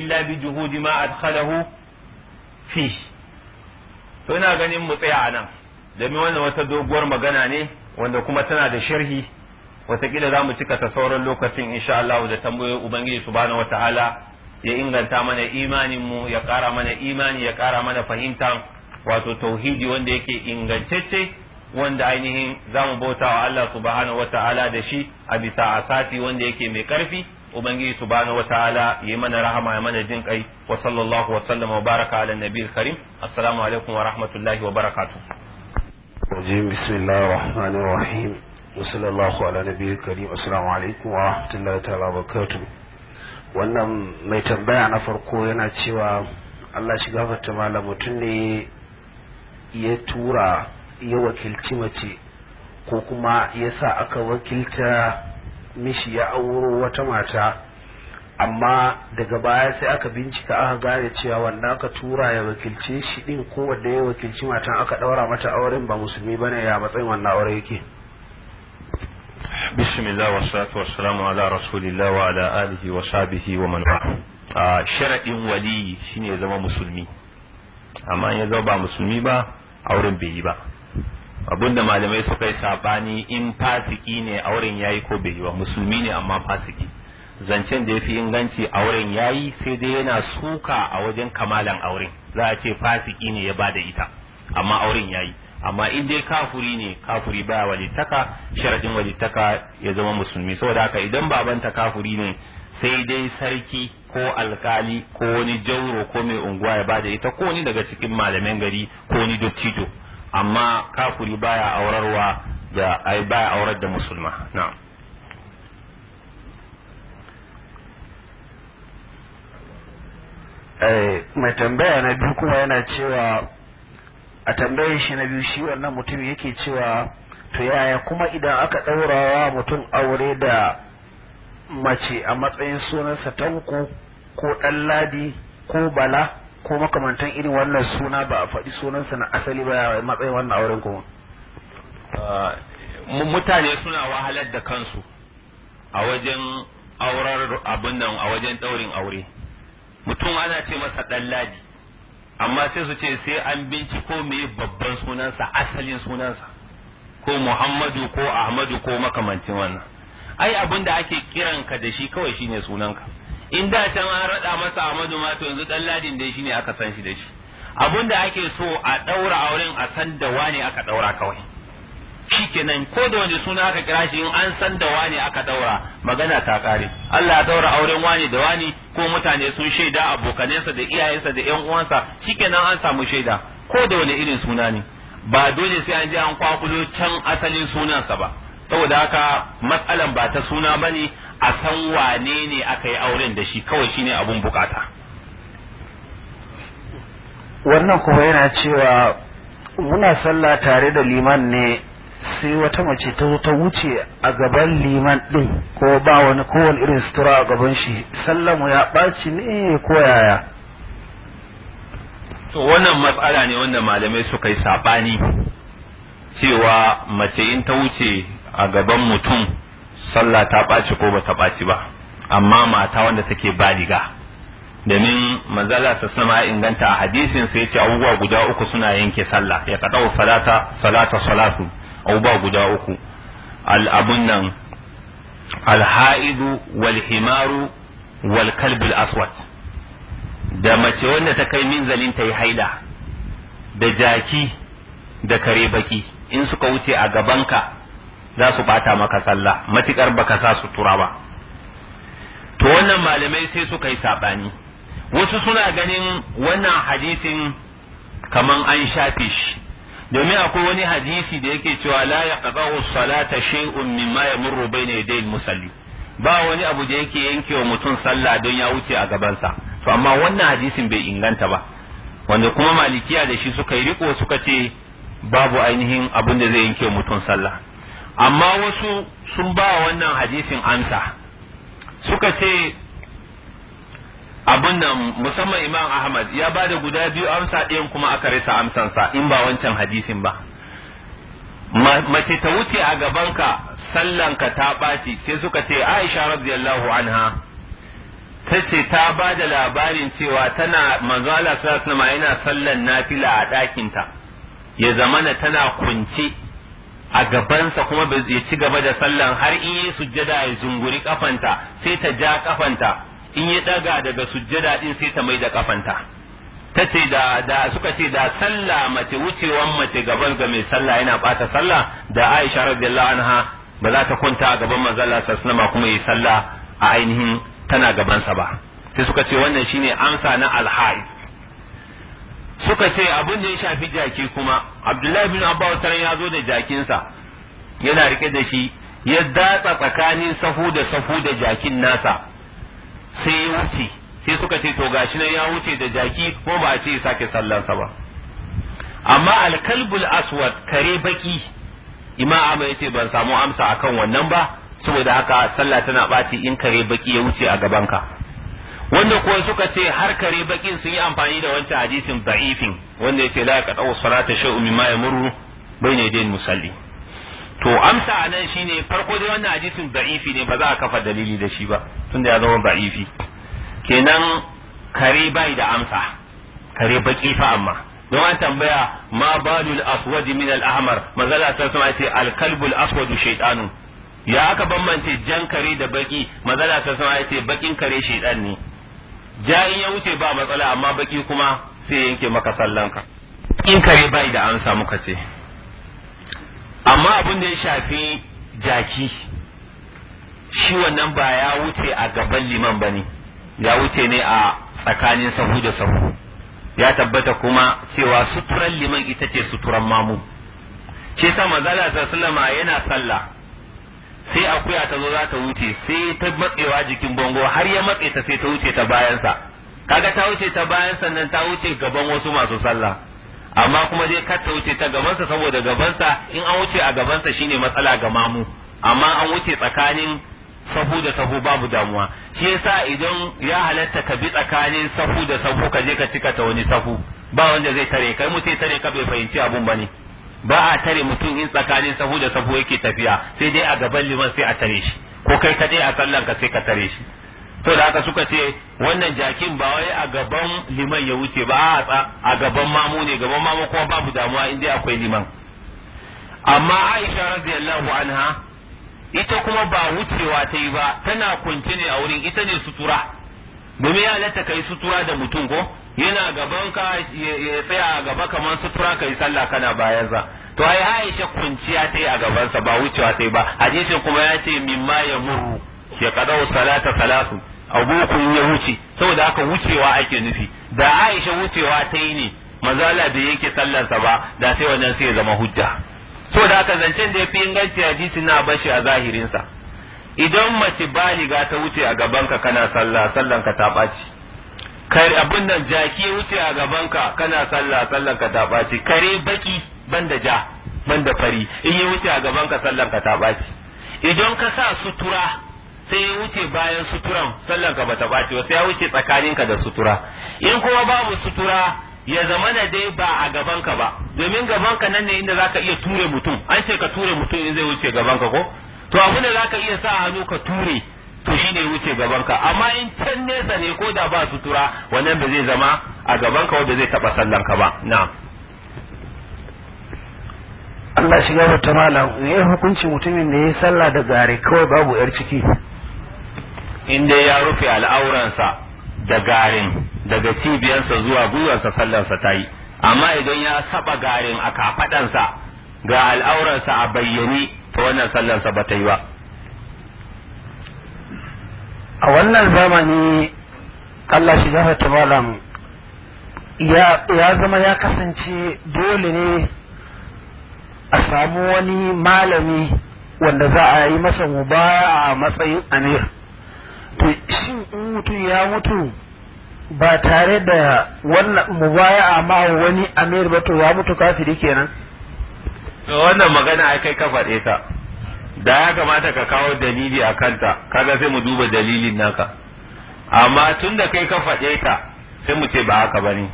fi. To ina ganin mu tsaya anan, da domin wannan wata doguwar magana ne wanda kuma tana da sharhi watakila za mu cika ta sauran lokacin insha Allah da tambayoyin Ubangiji subhanahu wataala ya inganta mana imanin mu ya ƙara mana imani ya ƙara mana fahimta wato tauhidi wanda yake ingantacce wanda ainihin za mu bauta wa Allah subhanahu wataala da shi a bisa asasi wanda yake mai ƙarfi ubangiji subhanahu ta'ala yi mana rahama ya mana jin kai wa sallallahu wa sallama wa baraka ala nabi karim assalamu alaikum wa rahmatullahi wa barakatuh wa bismillahir wa rahim wa sallallahu ala nabi karim assalamu alaikum wa rahmatullahi ta'ala wa barakatuh wannan mai tambaya na farko yana cewa Allah shi gafarta malam mutum ne ya tura ya wakilci mace ko kuma ya sa aka wakilta mishi ya auro wata mata amma daga baya sai aka bincika aka gane cewa wanda aka tura ya wakilce shi din ko wanda ya wakilci matan aka daura mata auren ba musulmi bane ya matsayin wannan aure yake bismillah wassalatu wassalamu ala rasulillah wa ala alihi wa sahbihi wa man a sharadin wali shine ya zama musulmi amma ya zama ba musulmi ba auren bai yi ba abinda malamai suka yi sabani in fasiki ne auren yayi ko bai yi ba musulmi ne amma fasiki zancen da ya fi inganci auren yayi sai dai yana suka a wajen kamalan auren za a ce fasiki ne ya bada ita amma auren yayi amma in dai kafuri ne kafuri baya walittaka sharadin walittaka ya zama musulmi saboda haka idan babanta kafuri ne sai dai sarki ko alkali ko wani jauro ko mai unguwa ya bada ita ko ni daga cikin malamin gari ko ni dottijo amma kafuri baya aurarwa da ai baya aurar da musulma na'am eh, mai tambaya na biyu kuma yana cewa a tambayar shi na biyu shi wannan mutum yake cewa to yaya kuma idan aka ɗaurawa mutum aure da mace a matsayin sunansa tanko ko ɗan ladi ko bala ko makamantan irin wannan suna ba a faɗi sunansa na asali ba ya matsayin wannan auren ko ah, mutane suna wahalar da kansu a wajen aurar abin nan a wajen ɗaurin aure mutum ana ce masa ɗan Ladi amma sai su ce sai an binciko me babban sunansa asalin sunansa ko muhammadu ko ahmadu ko makamancin wannan ai abin da ake kiranka da shi kawai shine sunanka in da can an raɗa masa Ahmadu ma to yanzu dan ladin dai shine aka san shi da shi abun da ake so a ɗaura auren a san da wane aka ɗaura kawai shikenan ko da wani suna aka kira shi in an san da wane aka ɗaura magana ta ƙare Allah ya ɗaura auren wane da wani ko mutane sun shaida abokanansa da iyayensa da ƴan uwansa shikenan an samu shaida ko da wani irin suna ne ba dole sai an je an kwakulo can asalin sunansa ba saboda haka matsalan ba ta suna bane a san wane ne aka yi auren da shi kawai shine abun bukata wannan kuma yana cewa muna sallah tare da liman ne sai wata mace ta ta wuce a gaban liman din ko ba wani kowane irin sutura a gaban shi sallamu ya ɓaci ne ko yaya to wannan matsala ne wanda malamai suka yi saɓani cewa mace in ta wuce a gaban mutum sallah ta ɓaci ko ba ta ɓaci ba amma mata wanda take baliga domin manzala ta sama inganta a hadisin sai ce abubuwa guda uku suna yanke sallah ya kaɗa salata salata salatu abubuwa guda uku al'abun nan alha'idu wal himaru wal kalbil aswat da mace wanda ta kai minzalin ta yi haida. da jaki da kare baki in suka wuce a gabanka za su bata maka sallah matikar baka sa sutura ba to wannan malamai sai suka yi sabani wasu suna ganin wannan hadisin kaman an shafe shi domin akwai wani hadisi da yake cewa la yaqbahu salata shay'un mimma yamurru bayna yaday musalli ba wani abu da yake yankewa mutum sallah don ya wuce a gabansa to amma wannan hadisin bai inganta ba wanda kuma malikiya da shi suka yi riko suka ce babu ainihin abin da zai yanke mutum sallah amma wasu sun ba wannan hadisin amsa suka ce abin nan musamman imam ahmad ya ba da guda biyu amsa ɗayan kuma aka rasa amsansa in ba wancan hadisin ba mace ta wuce a gabanka sallanka ta ɓaci sai suka ce aisha radiyallahu anha ta ce ta ba da labarin cewa tana manzo sallallahu alaihi yana sallan nafila a ɗakinta ya zamana tana kunce a gabansa kuma ya ci gaba da sallan har in yi sujjada ya zunguri kafanta sai ta ja kafanta in ya daga daga sujjada din sai ta mai da kafanta ta ce da da suka ce da sallah mace wucewan mace gaban ga mai sallah yana bata sallah da Aisha radiyallahu anha ba za ta kwanta a gaban manzon Allah kuma yi sallah a ainihin tana gabansa ba sai suka ce wannan shine amsa na alhaiz suka ce abin da ya shafi jaki kuma abdullahi bin abba wata ya zo da jakinsa yana rike da shi ya datsa tsakanin sahu da sahu da jakin nasa sai ya wuce sai suka ce to gashi nan ya wuce da jaki ko ba a ce ya sake sallansa ba amma alkalbul aswad kare baki imam ya ce ban samu amsa akan wannan ba saboda haka sallah tana ɓaci in kare baki ya wuce a gabanka wanda kuwa suka ce har kare bakin sun yi amfani da wancan hadisin ba'ifin wanda ya ce la ka dawo salata shay'un mimma yamuru bayna yadayn musalli to amsa a nan shine farko dai wannan hadisin da'ifi ne ba za a kafa dalili da shi ba tunda ya zama da'ifi kenan kare bai da amsa kare baki fa amma don an tambaya ma balul aswad min al ahmar manzala sallallahu alaihi al kalbul aswad shaytanu ya aka bambance jan kare da baki manzala sallallahu alaihi bakin kare shaytan ne ja in ya wuce ba matsala amma baki kuma sai yanke maka sallanka in kare bai da an samu kace amma abin da ya shafi jaki shi wannan ba ya wuce a gaban liman ba ne ya wuce ne a tsakanin sahu da sahu ya tabbata kuma cewa suturan liman ita ce suturan mamu ce sa manzala sallama yana sallah sai akuya ta zo za ta wuce sai ta matsewa jikin bango har ya matse ta sai ta wuce ta bayansa kaga ta wuce ta bayan sannan ta wuce gaban wasu masu sallah amma kuma dai kar ta wuce ta gabansa saboda gabansa in an wuce a gabansa shine matsala ga mamu amma an wuce tsakanin sahu da sahu babu damuwa shi yasa idan ya halatta ka bi tsakanin sahu da sahu ka je ka cika ta wani sahu ba wanda zai tare kai mu sai tare ka bai fahimci abun bane ba a tare mutum in tsakanin sahu da sahu yake tafiya sai dai a gaban liman sai a tare shi ko kai ka dai a sallan ka sai ka tare shi to da haka suka ce wannan jakin ba wai a gaban liman ya wuce ba a gaban mamu ne gaban mamu kuma babu damuwa in dai akwai liman amma Aisha radiyallahu anha ita kuma ba wucewa ta yi ba tana kunce ne a wurin ita ne sutura domin ya halatta kai sutura da mutum ko yana gaban ka ya tsaya a gaba kamar sutura kai sallah kana bayan sa to ai Aisha kunciya yi a gabansa sa ba wucewa yi ba hadisin kuma ya ce mimma ya murru ya qadau salata salatu abokun ya wuce saboda haka wucewa ake nufi da Aisha wucewa yi ne mazala da yake sallarsa ba da sai wannan sai ya zama hujja saboda haka zancen da ya fi inganci hadisi na bashi a zahirinsa idan mace baliga ta wuce a gabanka kana sallah ka ta baci. kai abin nan jaki ya wuce a gabanka kana sallah sallar ka ta baci kare baki banda ja banda fari in ya wuce a gabanka sallar ka ta baci idan ka sa sutura sai ya wuce bayan suturan sallar ka bata ɓaci ba sai ya wuce tsakaninka da sutura in kuma babu sutura ya zama na dai ba a gabanka ba domin gabanka nan ne inda zaka iya ture mutum an ce ka ture mutum in zai wuce gabanka ko to abin da zaka iya sa hannu ka ture to ne wuce gabanka amma in can nesa ne ko da ba sutura wannan ba zai zama a gabanka wanda zai taba ka ba na Allah shiga da ta malam ya hukunci mutumin da ya sallah da gare kawai babu yar ciki in dai ya rufe al'auransa da garin daga cibiyarsa zuwa gwiwarsa sallarsa ta yi amma idan ya saba garin a kafadansa ga al'auransa a bayyane ta wannan sallarsa ba ta yi ba a wannan zamani Allah shi gafarta malam ya zama ya kasance dole ne a samu wani malami wanda za a yi masa mubaya a matsayin amir to shi in mutum ya mutu ba tare da wannan mubaya ma wani amir ba to ya mutu kafiri kenan wannan magana akai ka faɗe ta da ya kamata ka kawo dalili a kanta kaga sai mu duba dalilin naka amma tun da kai ka faɗe ta sai mu ce ba haka ba ne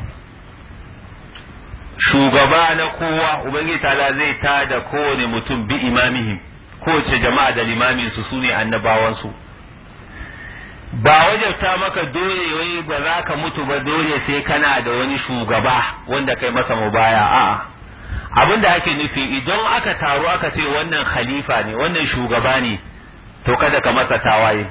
shugaba na kowa ubangiji ta'ala zai ta da kowane mutum bi imamihim kowace jama'a da limamin su sune annabawansu ba wajabta maka dole wai ba za ka mutu ba dole sai kana da wani shugaba wanda kai masa mubaya a'a abin da ake nufi idan aka taru aka ce wannan khalifa ne wannan shugaba ne to kada ka masa tawaye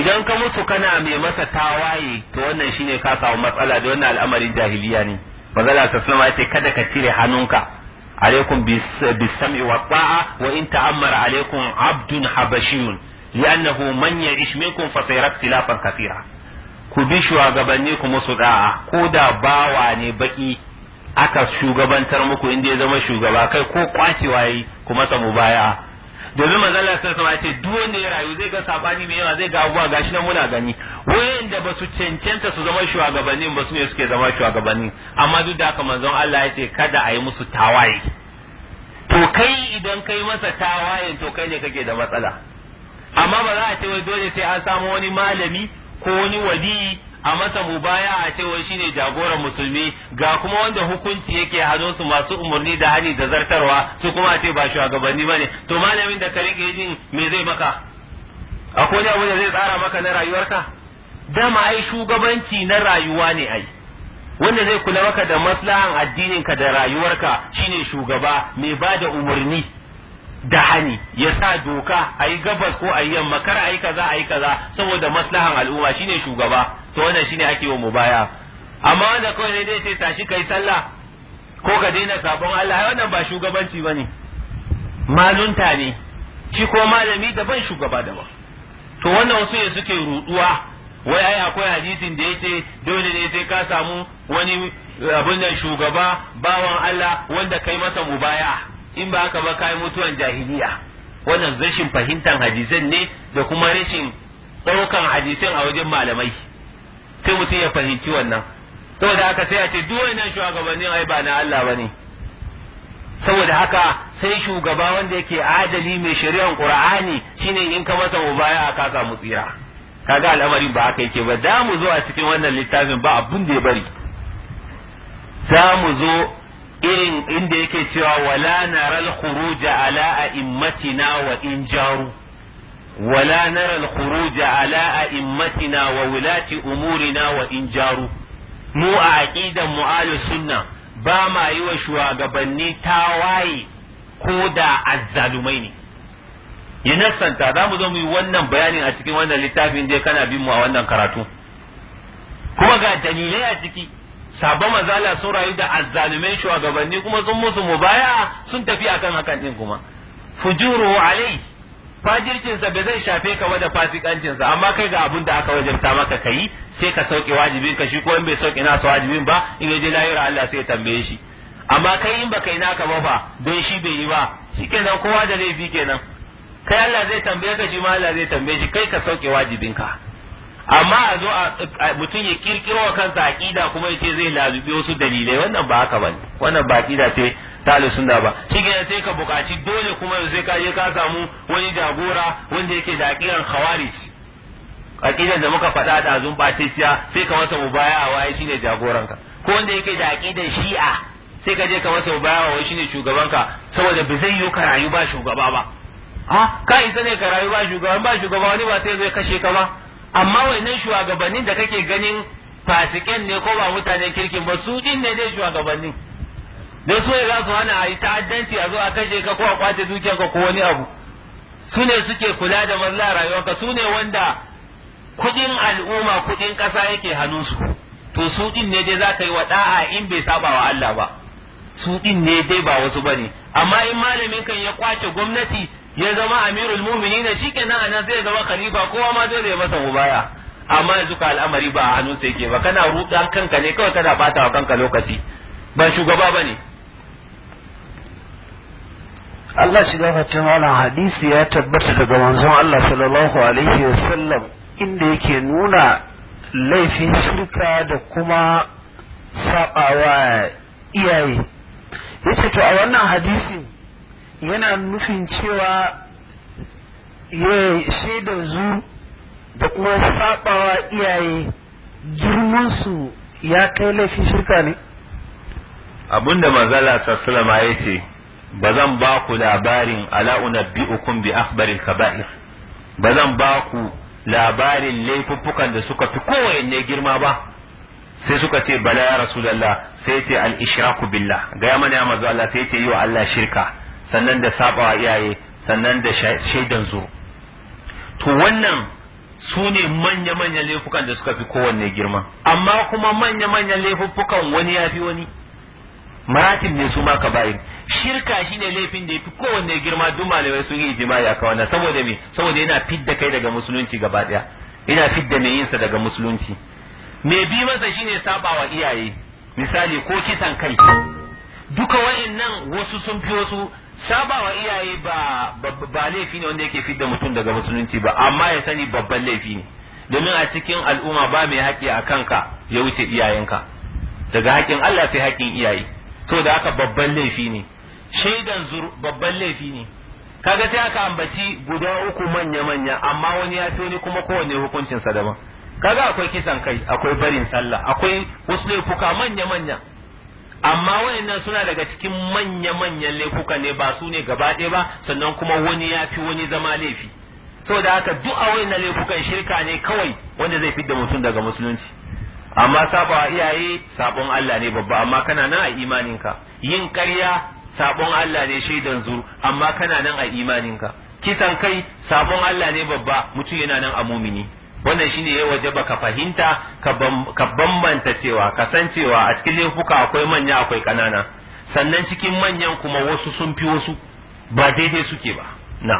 idan ka mutu kana mai masa tawaye to wannan shine ka samu matsala da wannan al'amarin jahiliya ne bazala ta sallama ce kada ka cire hannunka alaikum bisam'i wa ta'a wa in ta'ammara alaikum abdun habashiyun li'annahu man ya'ish minkum fa sayarat kathira ku bi shugabanni ku musu da'a ko da bawa ne baki aka shugabantar muku inda ya zama shugaba kai ko kwacewa yi kuma samu baya domin mazalar sai sama ce duk wanda ya rayu zai ga sabani mai yawa zai ga abubuwa gashi nan muna gani wayanda ba su cancanta su zama shugabannin ba su ne suke zama shugabanni amma duk da haka manzon Allah ya ce kada a yi musu tawaye to kai idan kai masa tawayen to kai ne kake da matsala amma ba za a ce wai dole sai an samu wani malami ko wani wadi a masa mubaya a cewa shine jagoran musulmi ga kuma wanda hukunci yake su masu umarni da hani da zartarwa su kuma ce ba shugabanni bane to malamin da ka rike jin me zai maka akwai abu da zai tsara maka na rayuwarka dama ai shugabanci na rayuwa ne ai wanda zai kula maka da maslahan ka da rayuwarka shine shugaba mai ba da umarni da hani ya sa doka a yi gabas ko a yi yamma kar a yi kaza a yi kaza saboda maslahan al'umma shine shugaba to wannan shine ake wa mubaya amma wanda kawai ne zai ce tashi kai sallah ko ka daina sabon Allah wannan ba shugabanci bane malunta ne shi ko malami ban shugaba ba to wannan wasu ne suke ruduwa wai ai akwai hadisin da yace dole ne sai ka samu wani eh, abin nan shugaba bawan Allah wanda kai masa mubaya in ba haka ba kai mutuwan jahiliya wannan rashin fahimtar hadisan ne da kuma rashin ɗaukan hadisan a wajen malamai sai mutum ya fahimci wannan saboda haka sai a ce duk wannan shugabannin ai ba na Allah bane saboda haka sai shugaba wanda yake adali mai shari'ar qur'ani shine in ka masa aka ka mu tsira kaga al'amarin ba haka yake ba za mu zo a cikin wannan littafin ba abun da ya bari za mu zo irin inda yake cewa wala naral khuruja ala a'immatina wa in jaru ولا نرى الخروج على أئمتنا وولاة أمورنا وإن جاروا mu a aƙidan mu sunna ba ma yi wa shugabanni tawaye ko da azzalumai ne ya nasanta za mu zo mu yi wannan bayanin a cikin wannan littafin dai kana bin mu a wannan karatu kuma ga dalilai a ciki sabon mazala sun rayu da azzalumai shugabanni kuma sun musu baya sun tafi akan hakan din kuma fujuru alai fajircinsa bai zai shafe ka fasikancin fasikancinsa amma kai ga abun da aka wajabta maka kai sai ka sauke wajibin ka shi ko in bai sauke nasa wajibin ba in yaje lahira Allah sai ya tambaye shi amma kai in baka yi naka ba fa don shi bai yi ba shi kenan kowa da laifi kenan kai Allah zai tambaye ka shi ma Allah zai tambaye shi kai ka sauke wajibin ka amma a zo a mutum ya kirkiro wa kansa aqida kuma yace zai lalube wasu dalilai wannan ba haka bane wannan ba aqida ce ta sunna ba shi ke sai ka buƙaci dole kuma sai ka je ka samu wani jagora wanda yake da aqidan khawarij aqidan da muka faɗa da zun batisiya sai ka masa mubaya'a wai shine jagoranka ko wanda yake da aqidan shi'a sai ka je ka masa mubaya'a wai shine shugabanka saboda ba zai yi ka rayu ba shugaba ba ha ka isa ne ka rayu ba shugaban ba shugaba wani ba sai zai kashe ka ba amma wannan shugabannin da kake ganin fasiken ne ko ba mutanen kirkin ba su din ne dai shugabannin da su ya za su hana a yi ta'addanci a zo a kashe ka ko a kwace dukiyarka ko wani abu su ne suke kula da maza rayuwarka su ne wanda kudin al'umma kudin kasa yake hannunsu to su din ne dai za ka yi wa da'a in bai saba wa Allah ba su din ne dai ba wasu bane amma in malamin kan ya kwace gwamnati ya zama amirul mu'minin kenan anan zai zama khalifa kowa ma zai zai masa ubaya amma yanzu ka al'amari ba a hannunsa yake ba kana rudan kanka ne kawai kana bata wa kanka lokaci ba shugaba bane Allah shi ta malam hadisi ya tabbata daga manzon Allah sallallahu alaihi wasallam inda yake nuna laifin shirka da kuma sabawa iyaye yace to a wannan hadisin yana nufin cewa ya shaidar zu da kuma sabawa iyaye girmansu ya kai laifin shirka ne abinda manzala sassalama ya ce ba zan ba ku labarin ala unabbi'ukum bi akhbaril kaba'ir ba zan ba ku labarin laifuffukan da suka fi kowanne girma ba sai suka ce bala ya rasulullah sai ce al ishraku billah ga mana ya manzo Allah sai ce yi wa Allah shirka sannan da saba iyaye sannan da shaidan zo to wannan su ne manya-manyan laifukan da suka fi kowanne girma amma kuma manya-manyan laifuffukan wani ya fi wani maratin ne su ma kaba'ir shirka shi ne laifin da yafi kowanne girma duk malamai sun yi ijma'i a wannan saboda me saboda yana fidda kai daga musulunci gaba daya yana fidda mai yinsa daga musulunci me bi masa shine sabawa iyaye misali ko kisan kai duka wa'annan wasu sun fi wasu sabawa iyaye ba ba laifi ne wanda yake fidda mutum daga musulunci ba amma ya sani babban laifi ne domin a cikin al'umma ba mai haƙƙi a kanka ya wuce iyayenka daga haƙƙin Allah sai haƙƙin iyaye so da haka babban laifi ne shaidan zur babban laifi ne kaga sai aka ambaci guda uku manya manya amma wani ya fi wani kuma kowane hukuncin sa daban kaga akwai kisan kai akwai barin sallah akwai wasu laifuka manya manya amma wayannan suna daga cikin manya manyan laifuka ne ba su ne gaba ɗaya ba sannan kuma wani ya fi wani zama laifi saboda haka duk a wayannan laifukan shirka ne kawai wanda zai fidda mutum daga musulunci amma sabawa iyaye sabon Allah ne babba amma kana nan a imaninka yin ƙarya sabon Allah ne shaidan zu amma kana nan a imaninka kisan kai sabon Allah ne babba mutum yana nan a mumini wannan shine ya waje baka fahimta ka bambanta cewa kasancewa a cikin laifuka akwai manya akwai kanana sannan cikin manyan kuma wasu sun fi wasu ba daidai suke ba na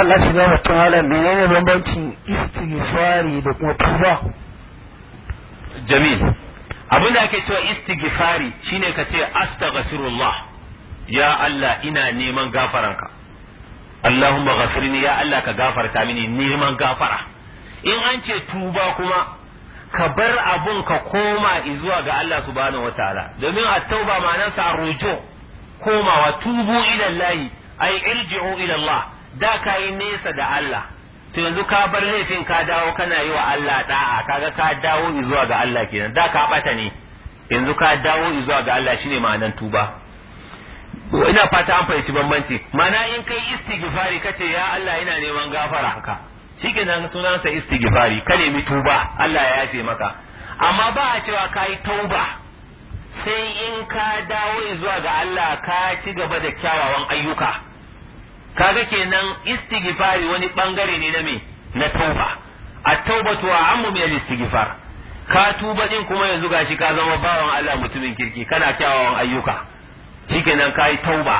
Allah shi ga mutum halar menene bambancin istighfari da kuma tuba jamil abin da ake cewa istighfari shine ka ce astaghfirullah ya Allah ina neman gafaranka Allahumma ghafirni ya Allah ka gafarta mini neman gafara in an ce tuba kuma ka bar abun ka koma zuwa ga Allah subhanahu wataala domin at-tauba ma'anarsa rujo komawa tubu ila Allah ay irji'u ila Allah da kai nesa da Allah to yanzu ka bar laifin ka dawo kana yi wa Allah da'a kaga ka dawo zuwa ga Allah kenan da ka bata ne yanzu ka dawo zuwa ga Allah shine ma'anar tuba ina fata an fahimci bambanci mana in kai istighfari kace ya Allah ina neman gafara haka shikenan sa istighfari ka nemi tuba Allah ya yafe maka amma ba a cewa kai tauba sai in ka dawo zuwa ga Allah ka ci gaba da kyawawan ayyuka kaga kenan istighfari wani bangare ne na me na tauba at-taubatu a'ammu min al-istighfar ka tuba din kuma yanzu gashi ka zama bawan Allah mutumin kirki kana kyawawan ayyuka shikenan kai tauba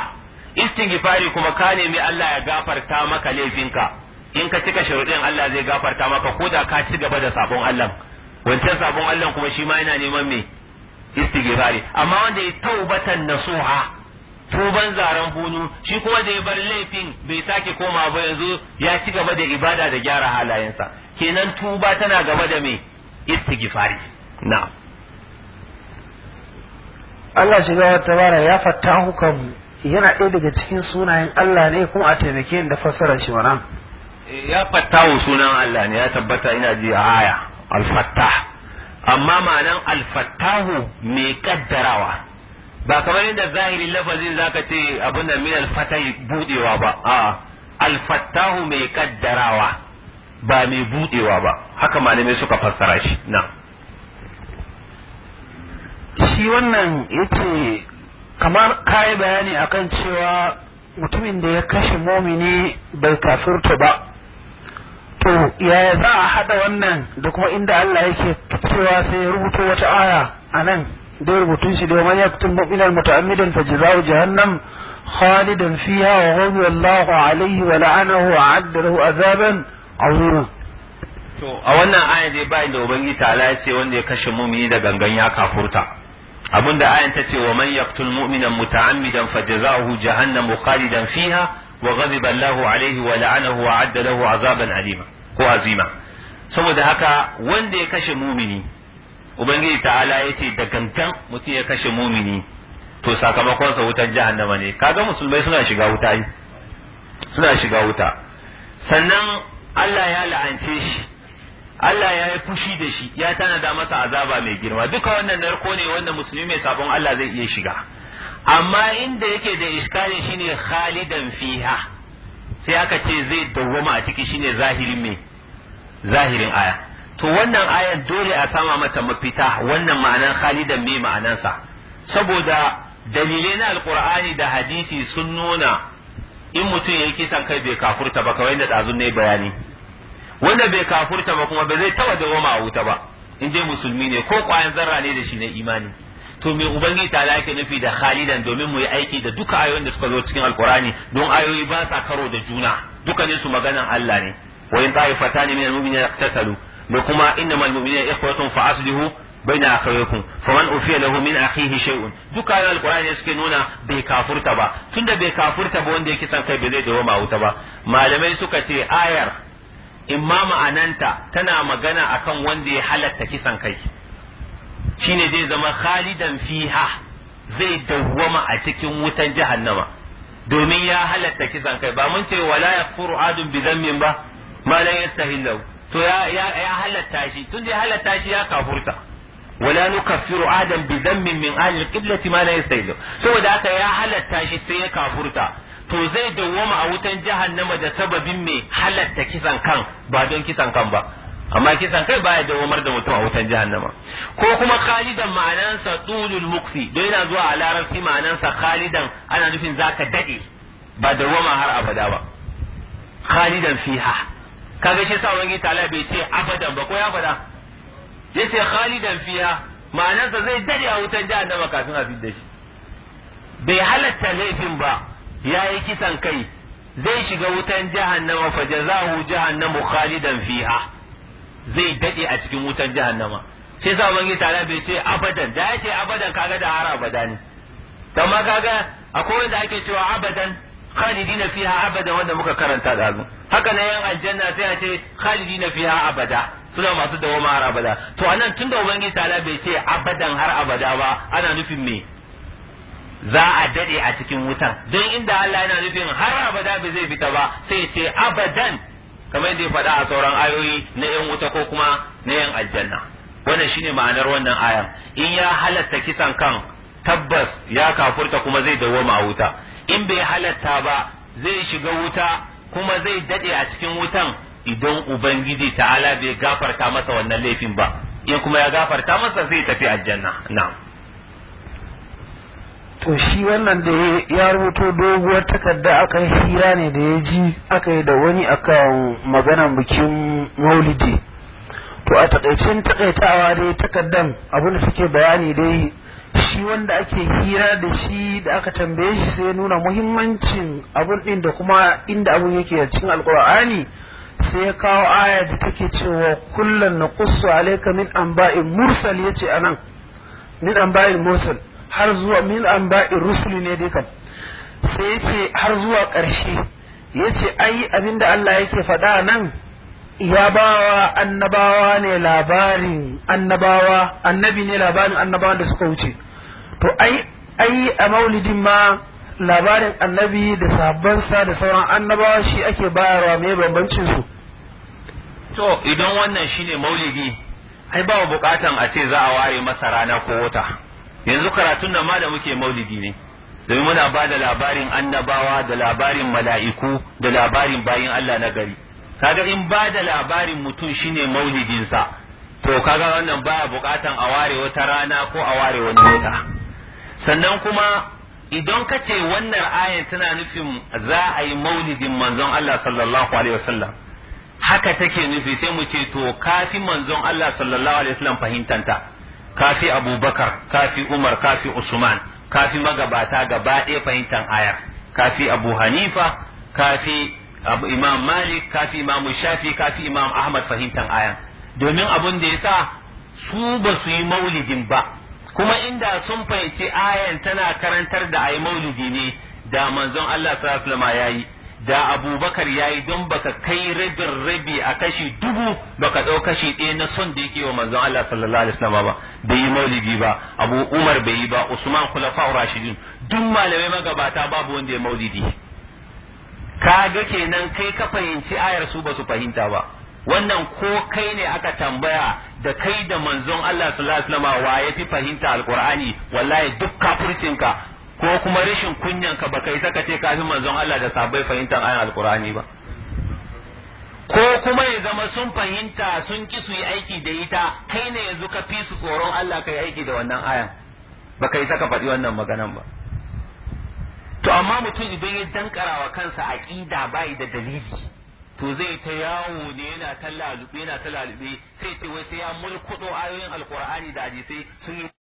istighfari kuma ka nemi Allah ya gafarta maka laifinka in ka cika sharuɗin Allah zai gafarta maka ko da ka ci gaba da sabon Allah wancan sabon Allah kuma shi ma yana neman me istighfari amma wanda ya taubatan nasuha tuban zaren bunu shi kuma da ya bar laifin bai sake koma ba yanzu ya ci gaba da ibada da gyara halayensa kenan tuba tana gaba da mai istighfari na. Allah shiga tabara ya fattahu hukam yana ɗaya daga cikin sunayen Allah ne kuma a taimake da fassarar shi wannan eh, ya fattahu sunan Allah ne ya tabbata ina ji a aya al-fattah amma ma'anan al-fattahu mai kaddarawa ba kamar yadda zahirin lafazin zaka ce abin da min alfatai budewa ba a alfattahu mai kaddarawa ba mai budewa ba haka malamai suka fassara shi na shi wannan yace kamar kayi bayani akan cewa mutumin da ya kashe momini bai kafirta ba to yaya za a hada wannan da kuma inda Allah yake cewa sai ya rubuto wata aya a nan دي ربطين سيدي ومن يكتب مؤمنا متعمدا فجزاؤه جهنم خالدا فيها وغضب الله عليه ولعنه وعد له عذابا عظيما to a wannan aya dai bayan da ubangiji ta'ala ya ce wanda ya kashe mumini da gangan ya kafurta abinda ayan ta ce wa man yaqtul mu'mina muta'ammidan fajaza'uhu jahannam khalidan fiha wa ghadiba Allahu alaihi wa la'anahu wa adda lahu azaban alima ko azima saboda haka wanda ya kashe mumini ubangiji ta'ala yace da gangan mutum ya kashe mumini to sakamakonsa wutar jahannama ne kaga musulmai suna shiga wuta yi suna shiga wuta sannan Allah ya la'ance shi Allah ya yi fushi da shi ya tanada masa azaba mai girma duka wannan narko ne wanda musulmi mai sabon Allah zai iya shiga amma inda yake da iskalin shine khalidan fiha sai aka ce zai dawwama a ciki shine zahirin me zahirin aya to wannan ayan dole a sama mata mafita wannan ma'anan khalidan me ma'anansa saboda dalilai na alkur'ani da hadisi sun nuna in mutum ya yi kisan kai bai kafurta ba kawai da ɗazun ne bayani wanda bai kafurta ba kuma ba zai taba dawoma a wuta ba in dai musulmi ne ko kwayan zarra ne da shi na imani to me ubangiji ta yake nufi da khalidan domin mu yi aiki da duka ayoyin da suka zo cikin alkur'ani don ayoyi ba sa karo da juna duka ne su maganan Allah ne wa in ta'ifatan min al-mu'minina da kuma innamal mu'minina ikhwatun fa aslihu baina akhawaykum faman ufiya lahu min akhihi shay'un duka ayoyin alqur'ani suke nuna bai kafurta ba tunda bai kafurta ba wanda yake san kai bai zai dawo wuta ba malamai suka ce ayar imma ma'ananta tana magana akan wanda ya halatta kisan kai shine zai zama khalidan fiha zai dawwama a cikin wutan jahannama domin ya halatta kisan kai ba mun ce wala yakfuru adun bi dhanbin ba ma lan yastahillu to ya halatta shi tun da halatta shi ya kafurta wala nukaffiru adam bi dhanbin min ahli al-qiblati ma la yastahil saboda aka ya halatta shi sai ya kafurta to zai dawwama a wutan jahannama da sababin mai halatta kisan kan ba don kisan kan ba amma kisan kai baya dawwamar da mutum a wutan jahannama ko kuma khalidan ma'anansa tulul mukfi don yana zuwa a larabci ma'anansa khalidan ana nufin zaka dade ba dawwama har abada ba khalidan fiha kaga shi sa wani tala bai ce abadan ba ko ya faɗa yace khalidan fiya ma'anarsa zai dade a wutan da kafin a fidda shi bai halatta laifin ba yayi kisan kai zai shiga wutan jahannama fa jazahu jahannamu khalidan fiha zai dade a cikin wutan nama. shi sa wani tala bai ce abadan da yace abadan kaga da har abada ne kamar kaga akwai wanda ake cewa abadan khalidina fiha abadan wanda muka karanta da azu haka na yan aljanna sai a ce khalidina fiha abada suna masu dawoma har abada to anan da ubangiji ta'ala bai ce abadan har abada ba ana nufin me za a dade a cikin wutan don inda Allah yana nufin har abada bai zai fita ba sai ce abadan kamar yadda ya faɗa a sauran ayoyi na yan wuta ko kuma na yan aljanna wannan shine ma'anar wannan ayan in ya halatta kisan kan tabbas ya kafurta kuma zai dawoma a wuta in bai halatta ba zai shiga wuta kuma zai dade a cikin wutan idan ubangiji ta'ala bai gafarta masa wannan laifin ba in kuma ya gafarta masa zai tafi aljanna na. to shi wannan da ya rubuto doguwar takarda aka hira ne da ya ji aka yi da wani akan maganan bikin maulidi to a takaicin takaitawa dai takardan abin da suke bayani dai shi wanda ake hira da shi da aka tambaye shi sai nuna muhimmancin abun din da kuma inda abun yake a cikin alkur'ani sai ya kawo aya da take cewa kullum na alayka min amba'in mursal ya anan min amba'in mursal har zuwa min amba'in rusuli ne dai kan sai ya har zuwa ƙarshe yace ai abinda Allah yake faɗa nan ya bawa annabawa ne labarin annabawa annabi ne labarin annabawa da suka wuce to ai ai a maulidin ma labarin annabi da sabansa da sauran annabawa shi ake bayarwa mai bambancin su to idan wannan shine maulidi ai ba bukatan a ce za a ware masa rana ko wata yanzu karatun nan ma da muke maulidi ne domin muna ba da labarin annabawa da labarin mala'iku da labarin bayin Allah na gari kaga in ba da labarin mutum shine maulidinsa to kaga wannan baya bukatan a ware wata rana ko a ware wani wata sannan kuma idan ka ce wannan ayan tana nufin za a yi maulidin manzon Allah sallallahu alaihi wasallam haka take nufi sai mu ce to kafi manzon Allah sallallahu alaihi wasallam fahimtanta kafi Abubakar kafi Umar kafi Usman kafi magabata gaba ɗaya fahimtan ayar kafi Abu Hanifa kafi abu imam malik kafi imam shafi kafi imam ahmad fahimtar ayan domin abun da yasa su ba su yi maulidin ba kuma inda sun fahimci ayan tana karantar da ayi maulidi ne da manzon Allah sallallahu alaihi wasallam yayi da abubakar yayi don baka kai rabin rabi a kashi dubu baka ɗau kashi ɗaya na son da yake wa manzon Allah sallallahu alaihi wasallam ba bai yi maulidi ba abu umar bai yi ba usman khulafa rashidin duk malamai magabata babu wanda ya maulidi Ka ga kenan kai ka fahimci ayar su ba su fahimta ba wannan ko kai ne aka tambaya da kai da manzon Allah sallallahu alaihi wasallam wa fi fahimta alqur'ani wallahi duk ka ko kuma rashin kunyanka ka kai saka ce kafin manzon Allah da sabai fahimtar ayar alqur'ani ba ko kuma ya zama sun fahimta sun ki su yi aiki da ita kai ne yanzu ka fi su tsoron Allah kai aiki da wannan ayar. Baka yi saka faɗi wannan maganan ba to amma mutum idan ya dankara wa kansa aqida bai da dalili to zai ta yawo ne yana ta lalube yana ta lalube sai ce wai sai ya mulkudo ayoyin alqur'ani da hadisai sun yi